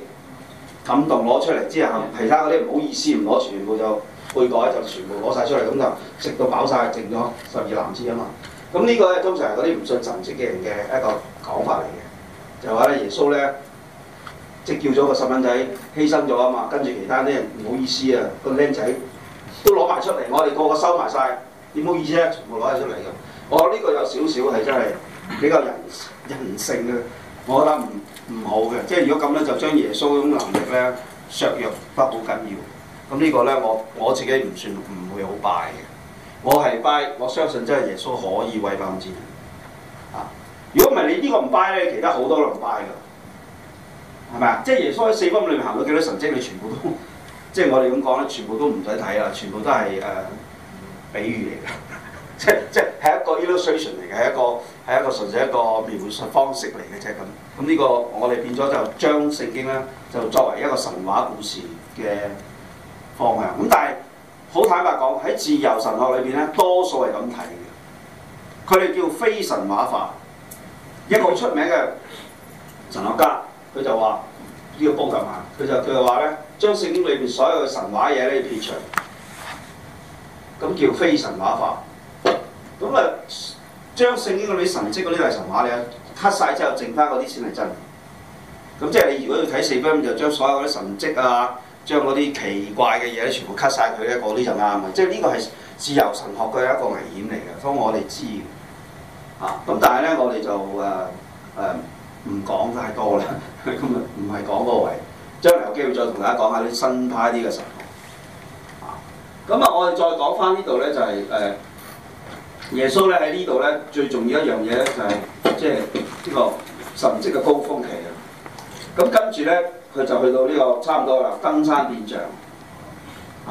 感動攞出嚟之後，其他嗰啲唔好意思唔攞，全部就背改就全部攞晒出嚟，咁就食到飽晒，剩咗十二男子啊嘛。咁、嗯、呢、這個呢，通常係嗰啲唔信神蹟嘅人嘅一個講法嚟嘅，就話呢：「耶穌呢，即叫咗個細蚊仔犧牲咗啊嘛，跟住其他啲人唔好意思啊，個僆仔都攞埋出嚟，我哋個個收埋晒，點好意思咧？全部攞曬出嚟嘅。我呢個有少少係真係比較人人性嘅，我覺得唔唔好嘅。即係如果咁咧，就將耶穌嗰種能力咧削弱得好緊要。咁呢個咧，我我自己唔算唔會好拜嘅。我係拜，我相信真係耶穌可以威翻五字。啊！如果唔係你呢個唔拜咧，其他好多都唔拜嘅，係咪啊？即係耶穌喺四福音裏面行到幾多神蹟，你全部都。即係我哋咁講咧，全部都唔使睇啦，全部都係誒、uh, 比喻嚟嘅， 即即係一個 illustration 嚟嘅，係一個係一個純粹一個描述個個純純個明明方式嚟嘅啫咁。咁呢個我哋變咗就將聖經咧就作為一個神話故事嘅方向。咁但係好坦白講，喺自由神學裏邊咧，多數係咁睇嘅。佢哋叫非神話化。一個好出名嘅神學家，佢就話。個呢個煲及埋，佢就佢就話咧，將聖經裏邊所有嘅神話嘢咧撇除，咁叫非神話化。咁啊，將聖經嗰啲神蹟嗰啲係神話嘢，cut 晒之後剩，剩翻嗰啲先係真。咁即係你如果要睇四福音，就將所有嗰啲神蹟啊，將嗰啲奇怪嘅嘢全部 cut 晒佢咧，嗰啲就啱啊。即係呢個係自由神學嘅一個危險嚟嘅，所以我哋知啊。咁但係咧，我哋就誒誒。呃呃唔講太多啦，今日唔係講嗰位，將來有機會再同大家講下啲新派啲嘅神學。咁啊，我哋再講翻呢度呢就係、是、誒耶穌呢喺呢度呢，最重要一樣嘢、就是就是啊呢，這個啊、呢，就係即係呢個神跡嘅高峰期啊。咁跟住呢，佢就去到呢個差唔多啦，登山變像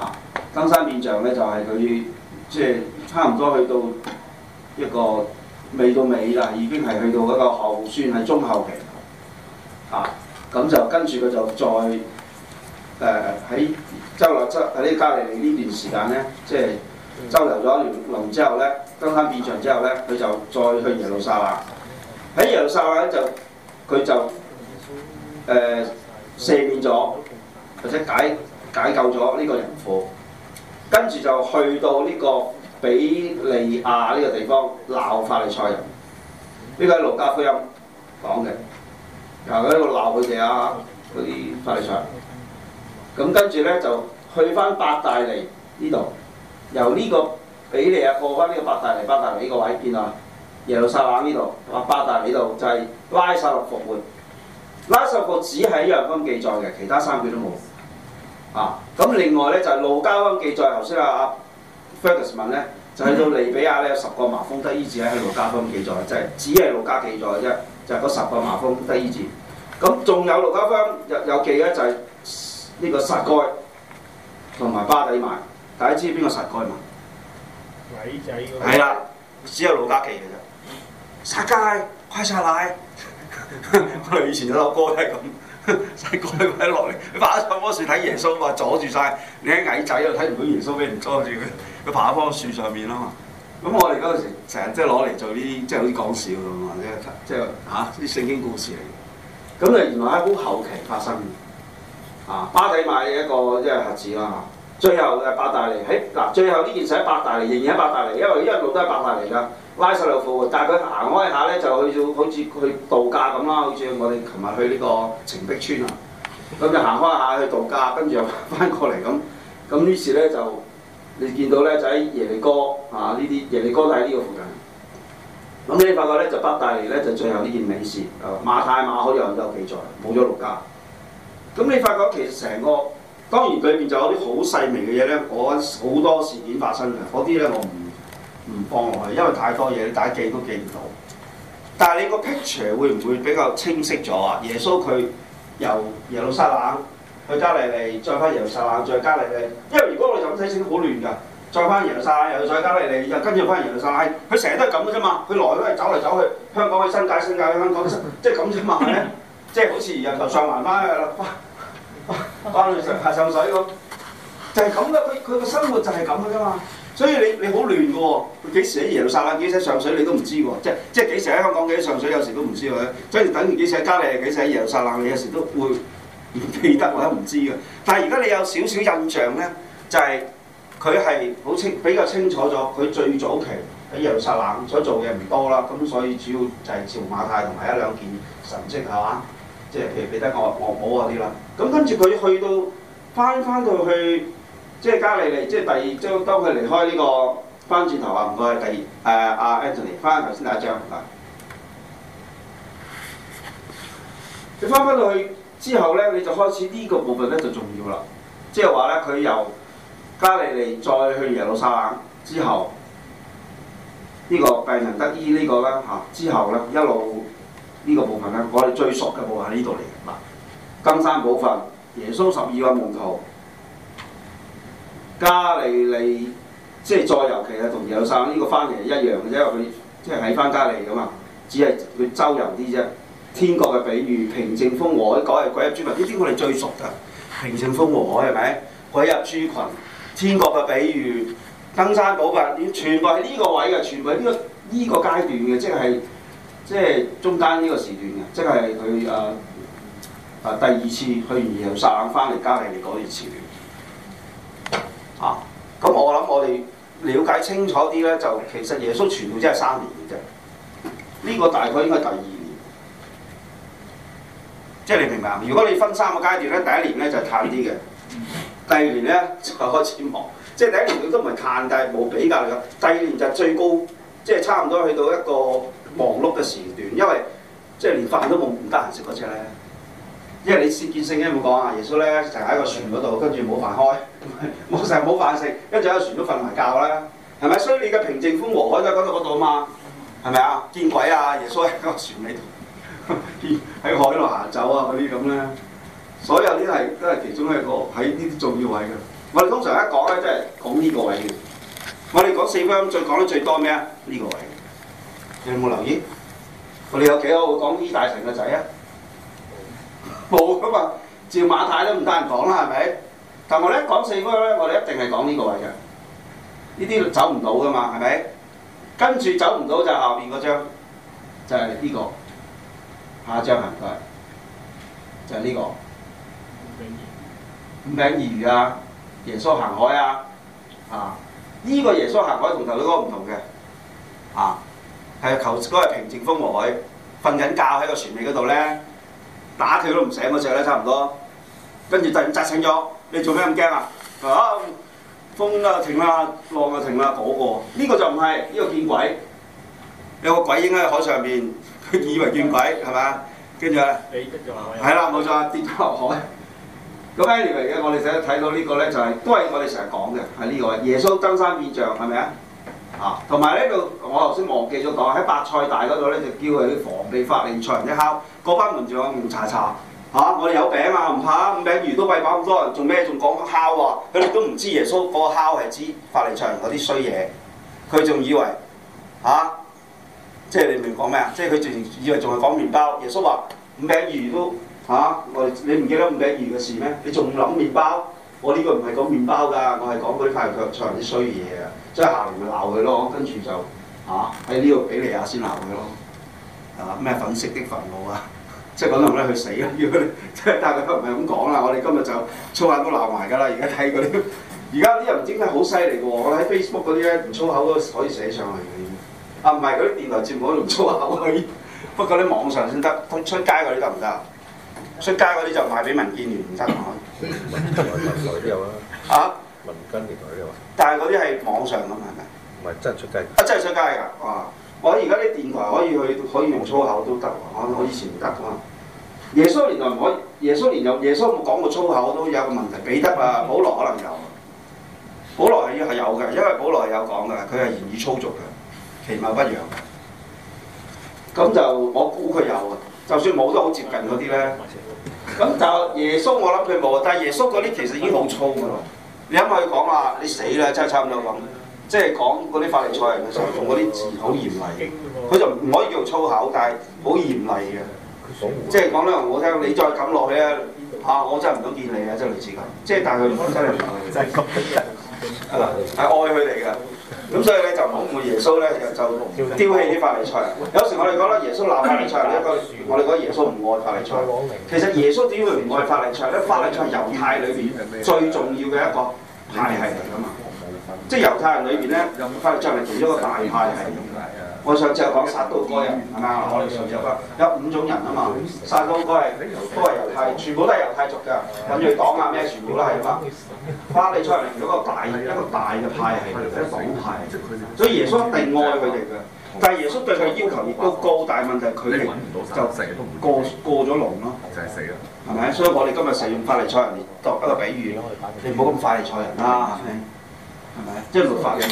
啊！登山變像呢，就係佢即係差唔多去到一個。未到尾啦，已經係去到嗰個後算，算係中後期。啊，咁就跟住佢就再誒喺、呃、周遊喺呢加利利呢段時間呢，即係周遊咗一輪之後呢，登山變像之後呢，佢就再去耶路撒冷。喺耶路撒冷就佢就誒赦免咗，或者解解救咗呢個人俘，跟住就去到呢、這個。比利亞呢個地方鬧法利賽人，呢、這個係路加福音講嘅。啊喺度鬧佢哋啊啲法利賽，咁跟住咧就去翻伯大尼呢度，由呢、這個比利亞過翻呢個伯大尼，伯大尼呢個位見啊耶路撒冷呢度啊伯大尼度就係、是、拉撒洛復活，拉撒洛只係一路加記載嘅，其他三卷都冇啊，咁另外咧就係、是、路加記載，頭先啊。Fergus 問咧，就喺到利比亞咧有十個麻風得醫治喺路加福音記載，即、就、係、是、只係路加記載嘅啫，就係、是、嗰十個麻風得醫治。咁仲有路加福音有有記嘅就係、是、呢個撒該同埋巴底買。大家知邊個撒該嘛？矮仔嗰個。係啦，只有路加福音嘅啫。撒該，快撒奶，我 哋以前有首歌都係咁。撒該快落嚟，爬上樖樹睇耶穌嘛，阻住晒，你喺矮仔度睇唔到耶穌咩？畀人阻住嘅。佢爬喺棵樹上面咯嘛，咁我哋嗰陣時成日即係攞嚟做啲，即、就、係、是、好似講笑咁、就是就是、啊！即係嚇啲聖經故事嚟嘅。咁就原來喺好後期發生嘅。啊，巴底買嘅一個即係盒子啦，最後係伯大尼喺嗱，最後呢、啊、件事喺伯大尼，仍然喺伯大尼，因為一路都係伯大尼噶。拉撒路，但係佢行開下咧，就去到好似去度假咁啦，好似我哋琴日去呢個澄碧邨啊。咁就行開下去度假，跟住又翻過嚟咁。咁於是咧就。你見到咧就喺耶利哥啊，呢啲耶利哥都喺呢個附近，咁、嗯、你發覺咧就伯大尼咧就最後呢件美事，馬太、馬可有有記載，冇咗路加。咁你發覺其實成個當然裏面就有啲好細微嘅嘢咧，嗰好多事件發生嘅，嗰啲咧我唔唔放落去，因為太多嘢你大家記都記唔到。但係你個 picture 會唔會比較清晰咗啊？耶穌佢由耶路撒冷。去加利利，再翻耶路撒冷，再加利利。因為如果我哋就咁睇，整到好亂㗎。再翻耶路撒冷，又再加利利，又跟住翻耶路撒冷。佢成日都係咁㗎啫嘛。佢來都係走嚟走去，香港去新界，新界去香港，即係咁啫嘛。即係 好似人頭上環翻翻翻去、啊啊啊、上上水咁，就係咁嘅。佢佢個生活就係咁㗎啫嘛。所以你你好亂㗎喎。佢幾時喺耶路撒冷，幾時喺上水你都唔知喎。即係即係幾時喺香港，幾時上水有時都唔知佢。所以等於幾時喺加利利，幾時喺耶，耶路撒冷，你有時都會。記得我都唔知嘅，但係而家你有少少印象呢，就係佢係好清，比較清楚咗。佢最早期喺耶路撒冷，所做嘅唔多啦，咁所以主要就係召馬太同埋一兩件神蹟係嘛？即係譬如彼得岳母嗰啲啦。咁跟住佢去到翻翻到去，即係加利利，即係第二張當佢離開呢、這個，翻轉頭啊唔該，第二誒阿、uh, Anthony 翻頭先第一張啊，你翻翻到去。之後呢，你就開始呢個部分呢，就重要啦，即係話呢，佢由加利利再去耶路撒冷之後，呢個病人得醫呢個啦吓，之後呢，一路呢個部分呢，我哋最熟嘅部分喺呢度嚟嘅，登山寶訓、耶穌十二個門徒，加利利，即係再尤其係同耶路撒冷呢個翻嚟一樣嘅啫，因為佢即係喺翻加利咁噶，只係佢周遊啲啫。天國嘅比喻，平靜風和海，講係鬼入豬群。呢啲我哋最熟嘅。平靜風和海係咪？鬼入豬群。天國嘅比喻，登山寶訓，全部係呢個位嘅，全部係呢個呢個階段嘅，即係即係中間呢個時段嘅，即係佢誒誒第二次去完耶路撒冷翻嚟加利利嗰段時段。啊，咁我諗我哋了解清楚啲咧，就其實耶穌全部真係三年嘅啫。呢個大概應該第二。即係你明白如果你分三個階段咧，第一年咧就嘆啲嘅，第二年咧就開始忙。即係第一年佢都唔係嘆，但係冇比較嘅。第二年就最高，即係差唔多去到一個忙碌嘅時段，因為即係連飯都冇唔得閒食嗰隻咧。因為你先見聖經冇講啊，耶穌咧就喺個船嗰度，跟住冇飯開，冇成日冇飯食，跟住喺船都瞓埋覺啦，係咪？所以你嘅平靜寬和喺咗度嗰度啊嘛，係咪啊？見鬼啊！耶穌喺個船裏度。 喺海度行走啊，嗰啲咁咧，所有啲係都係其中一個喺呢啲重要位嘅。我哋通常一講咧，即係講呢個位嘅。我哋講四福音最講得最多咩啊？呢個位，你有冇留意？我哋有幾好講呢大成嘅仔啊？冇 噶嘛，照馬太都唔得人講啦，係咪？但係咧，講四福音咧，我哋一定係講呢個位嘅。呢啲走唔到噶嘛，係咪？跟住走唔到就後面嗰張，就係呢個。下一張行唔該就係、是、呢、這個五餅二魚、五餅二魚啊！耶穌行海啊！啊，呢、這個耶穌行海同頭先嗰個唔同嘅啊，係求嗰日平靜風和海，瞓緊覺喺個船尾嗰度咧，打佢都唔醒嗰陣咧，差唔多。跟住突然扎醒咗，你做咩咁驚啊？啊，風啊停啦，浪啊停啦，嗰個呢個就唔係呢個見鬼，有個鬼影喺海上面。佢 以為見鬼係嘛？跟住咧，係啦，冇錯吧，跌咗落海。咁呢樣嘢嘅，我哋成日睇到呢個咧，就係都係我哋成日講嘅，係呢個。耶穌登山變像，係咪啊？啊，同埋呢度我頭先忘記咗講，喺伯賽大嗰度咧，就叫佢防備法利賽人嘅酵。嗰班門徒懵查查嚇，我哋有餅啊，唔怕。五餅魚都餵飽咁多人，做咩？仲講酵喎、啊？佢哋都唔知耶穌、個酵係指法利賽人嗰啲衰嘢，佢仲以為嚇。啊。即係你明講咩啊？即係佢仲以為仲係講麪包，耶穌話五餅魚都嚇，我、啊、你唔記得五餅魚嘅事咩？你仲諗麪包？我呢個唔係講麪包㗎，我係講嗰啲快活腳出啲衰嘢啊！即係夏龍咪鬧佢咯，跟住就嚇喺呢度比利亞先鬧佢咯。啊咩粉飾的墳墓啊！即係講到唔咧去死啦！如果你即係但係佢唔係咁講啦，我哋今日就粗口都鬧埋㗎啦。而家睇嗰啲，而家啲人整得好犀利㗎喎！我喺 Facebook 嗰啲咧，唔粗口都可以寫上去嘅。啊，唔係嗰啲電台節目可以用粗口，不過啲網上先得。出出街嗰啲得唔得？出街嗰啲就賣俾民建聯唔得嘅。民建聯有啊。民建聯有，但係嗰啲係網上㗎嘛，係咪？唔係真係出街。啊，真係出街㗎。啊，我而家啲電台可以去可以用粗口都得。我、啊、以前唔得㗎嘛。耶穌年代唔可以，耶穌年代耶穌冇講過粗口都有個問題。彼得啊，保羅可能有。保羅係係有嘅，因為保羅係有講嘅，佢係言語粗俗嘅。其貌不揚，咁就我估佢有啊。就算冇都好接近嗰啲咧，咁就耶穌我諗佢冇，但係耶穌嗰啲其實已經好粗㗎。你諗佢講話，你死啦！真係差唔多咁，即係講嗰啲法利賽人嘅時候，用嗰啲字好嚴厲，佢就唔可以叫做粗口，但係好嚴厲嘅。即係講得又好聽，你再咁落去咧，嚇、啊、我真係唔想見你啊！真係類似咁，即係但係佢真係唔係。係 愛佢嚟㗎。咁所以咧就唔好誤會耶穌咧，就丟棄啲法利賽啊！有時我哋講耶穌鬧法利賽，我哋講耶穌唔愛法利賽。其實耶穌點會唔愛法利賽呢？法利賽係猶太裏面最重要嘅一個派系嚟噶嘛，即係猶太人裏面呢，法利賽係其中一個大派系。我上節又講撒都該人係咪？我哋上節有有五種人啊嘛。撒都該係都係猶太，全部都係猶太族㗎。揾住黨啊咩全部都係嘛？法利賽人嗰個大，一個大嘅派，係一個黨派，所以耶穌一定愛佢哋㗎。但係耶穌對佢要求亦都高，但係問題佢哋就死都唔過，過咗龍咯，就係死啦。係咪？所以我哋今日使用法利賽人作一個比喻，你唔好咁快利賽人啦，係咪？即係律法嘅。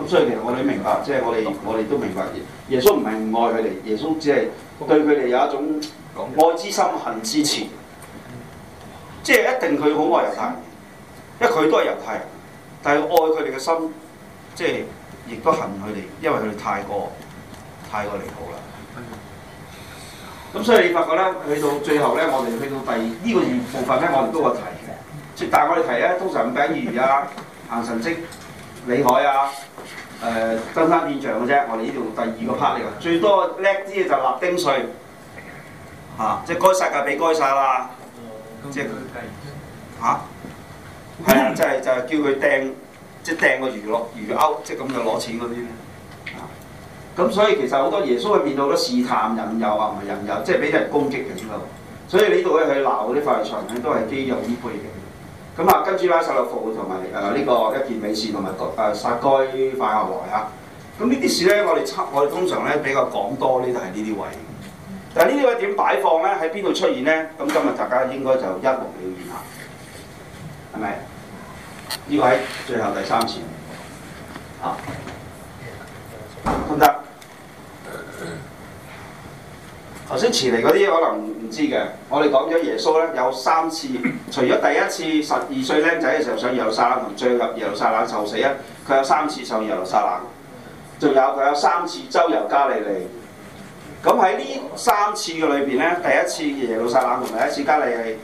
咁所以其實我哋都明白，即係我哋我哋都明白，耶穌唔係唔愛佢哋，耶穌只係對佢哋有一種愛之心，恨之切，即係一定佢好愛猶太人，因為佢都係猶太人，但係愛佢哋嘅心，即係亦都恨佢哋，因為佢哋太過太過離譜啦。咁所以你發覺咧，去到最後咧，我哋去到第呢個部分咧，我哋都話提嘅，但係我哋提咧，通常五餅二魚啊、行神跡、李海啊。誒，登山現場嘅啫，我哋呢度第二個 part 嚟嘅，最多叻啲嘅就立丁稅，嚇、啊，即係該殺就俾該晒啦，即係嚇，係、就係、啊、啊，就係、係、就係、係、叫佢掟，即係掟個娛樂魚鈎，即係咁就攞錢嗰啲咧，嚇、啊，咁所以其實好多耶穌嘅面對都試探人又啊，唔係人又，即係俾啲人攻擊佢㗎喎，所以呢度佢去鬧嗰啲法利賽人咧，都係基於呢方面。咁、呃，這個呃、啊，跟住啦，十六褲同埋誒呢個一件美事同埋誒撒該快下來啊！咁呢啲事咧，我哋測，我哋通常咧比較講多呢就係呢啲位。但係呢啲位點擺放咧，喺邊度出現咧？咁、嗯、今日大家應該就一目了然啦，係咪？呢個喺最後第三次、啊行頭先遲嚟嗰啲可能唔知嘅，我哋講咗耶穌呢，有三次，除咗第一次十二歲僆仔嘅時候上耶路撒冷同最後入耶路撒冷受死啊，佢有三次上耶路撒冷，仲有佢有三次周遊加利利。咁喺呢三次嘅裏邊呢，第一次嘅耶路撒冷同第一次加利利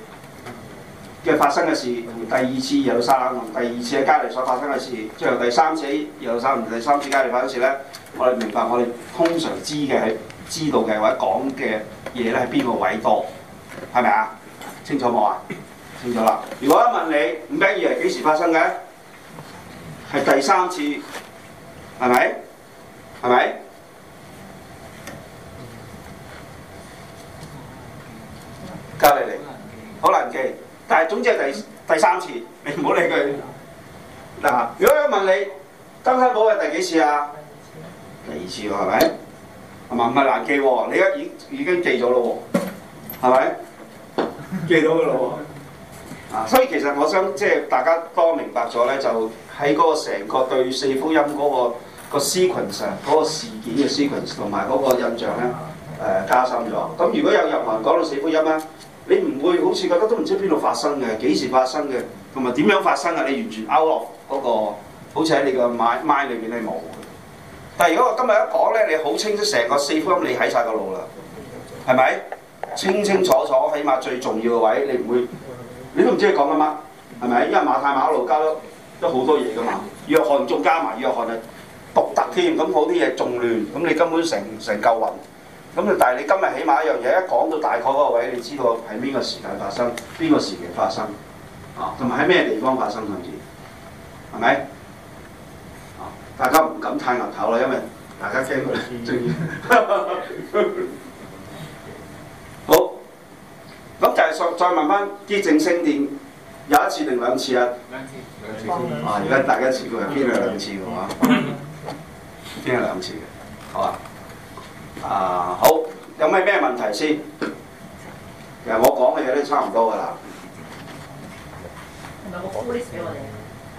嘅發生嘅事，同第二次耶路撒冷同第二次嘅加利所發生嘅事，最後第三次耶路撒冷同第三次加利發生嘅事呢，我哋明白，我哋通常知嘅係。知道嘅或者講嘅嘢咧喺邊個位多，係咪啊？清楚冇啊？清楚啦。如果一問你唔緊要係幾時發生嘅？係第三次，係咪？係咪？隔你嚟，好難記，但係總之係第第三次，你唔好理佢。嗱，如果我問你，我問你登山寶係第幾次啊？第二次喎，係咪？係咪唔係難記喎？你而家已經已經記咗咯喎，係咪記到㗎咯喎？啊， 所以其實我想即係大家多明白咗咧，就喺嗰個成個對四福音嗰、嗰個嗰個 sequence 上，嗰個事件嘅 sequence 同埋嗰個印象咧，誒、呃、加深咗。咁如果有人嚟講到四福音咧，你唔會好似覺得都唔知邊度發生嘅，幾時發生嘅，同埋點樣發生嘅，你完全 out of 嗰、嗰個，好似喺你嘅 mind mind 裏邊咧你冇。但如果我今日一講咧，你好清晰成個四福音你喺晒個路啦，係咪？清清楚楚，起碼最重要嘅位你唔會，你都唔知佢講緊乜，係咪？因為馬太馬路加都都好多嘢噶嘛，約翰仲加埋約翰啊，獨特添。咁好啲嘢仲亂，咁你根本成成嚿雲。咁但係你今日起碼一樣嘢，一講到大概嗰個位，你知道喺邊個時間發生，邊個時期發生，啊，同埋喺咩地方發生嗰陣時，係咪？大家唔敢太硬頭啦，因為大家驚佢中意。 好，咁就係再再問翻啲正升電，有一次定兩次，兩次，兩次啊？兩次，兩次先。啊，而家大家一次嘅係邊兩次嘅話？邊兩 次嘅？好啊。啊，好，有咩咩問題先？其實我講嘅嘢都差唔多噶啦。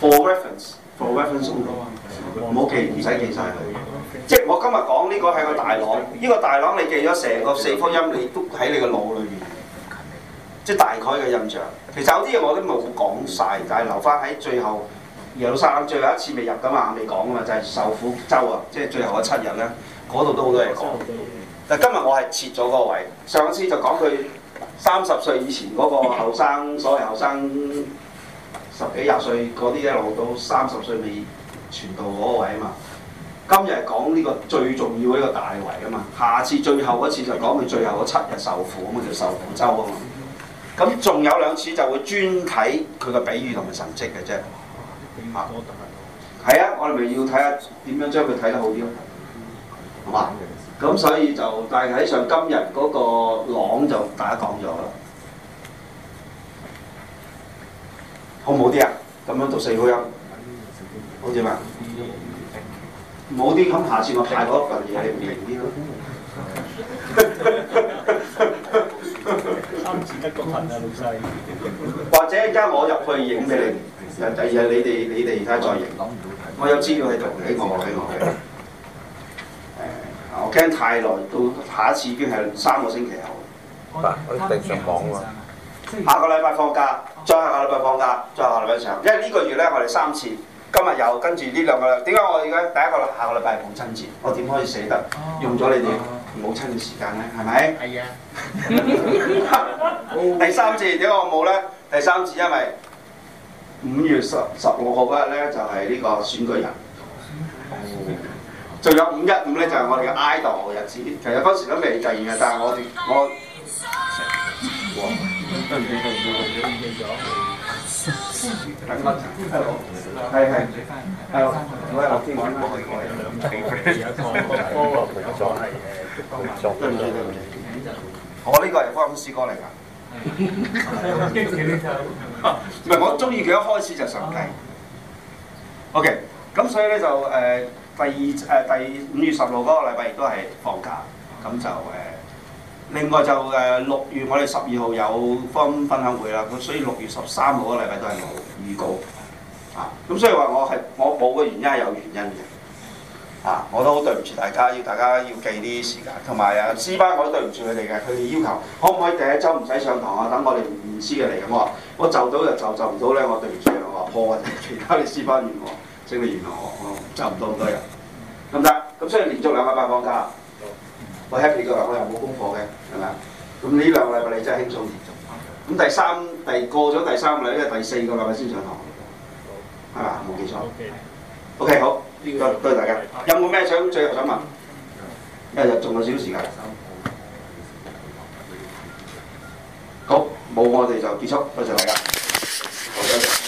For reference, for reference，唔好、嗯嗯、記，唔使記晒，佢。即係我今日講呢個係個大綱，呢個大綱你記咗成個四福音，你都喺你個腦裏邊，即、就、係、是、大概嘅印象。其實有啲嘢我都冇講晒，但係留翻喺最後。然後到最後一次未入噶嘛，未講噶嘛，就係受苦週啊，即係最後嗰七日咧，嗰度都好多嘢講。但係今日我係切咗嗰個位，上一次就講佢三十歲以前嗰個後生，所謂後生。十幾廿歲嗰啲一路到三十歲未傳到嗰個位啊嘛，今日係講呢個最重要一個大圍啊嘛，下次最後嗰次就講佢最後嗰七日受苦啊嘛，就受苦週啊嘛，咁仲有兩次就會專睇佢個比喻同埋神蹟嘅啫，嚇，係啊，我哋咪要睇下點樣將佢睇得好啲咯，好嘛？咁所以就大體上今日嗰個朗就大家講咗啦。我冇啲啊！咁樣讀四個音，好似嘛？冇啲咁，下、嗯、次我派我一份嘢你唔明啲咯、這個。三字一個羣或者而家我入去影俾你，第二日你哋你哋而家再影。我有資料喺度嘅。俾我，俾我、 哎、我驚太耐，到下一次已經係三個星期後。嗱，我正常講喎。下個禮拜放假。再下個禮拜放假，再下個禮拜上，因為呢個月呢，我哋三次，今日又跟住呢兩個咧。點解我而家第一個咧，下個禮拜係母親節，我點可以捨得、哦、用咗你哋母親嘅時間呢，係咪？係啊、哎呀。 第三次，點解我冇呢？第三次，因為五月十十五號嗰日呢，就係、是、呢個選舉日，仲、哦、有五一五呢，就係、是、我哋嘅哀悼日子，其實番薯都未定嘅，但係我我。我我係樂天嗰個係歌，呢個係詩歌嚟㗎，唔係我中意佢一開始就上計。No oh, OK，咁所以咧就，誒第二誒第五月十六嗰個禮拜亦都係放假，咁就誒。另外就誒六月我哋十二號有分分享會啦，咁所以六月十三號嗰個禮拜都係冇預告啊。咁所以話我係我冇嘅原因係有原因嘅啊。我都好對唔住大家，要大家要記啲時間，同埋啊私班我都對唔住佢哋嘅。佢哋要求可唔可以第一周唔使上堂啊？等我哋唔知嘅嚟咁喎。我就到就就，唔到咧我對唔住啊！我話破壞其他啲私班員我，整個員我，我差唔多咁多人，得唔得？咁所以連續兩百八放假。我 happy 嘅，我又冇功課嘅，係咪啊？咁呢兩個禮拜你真係輕鬆完成。咁第三、第過咗第三個禮拜，咧第四個禮拜先上堂，係嘛？冇記錯。O Okay. K，okay, 好，多謝多謝大家。Okay. 有冇咩想最後想問？一日仲有少少時間。No. 好，冇我哋就結束，多謝大家。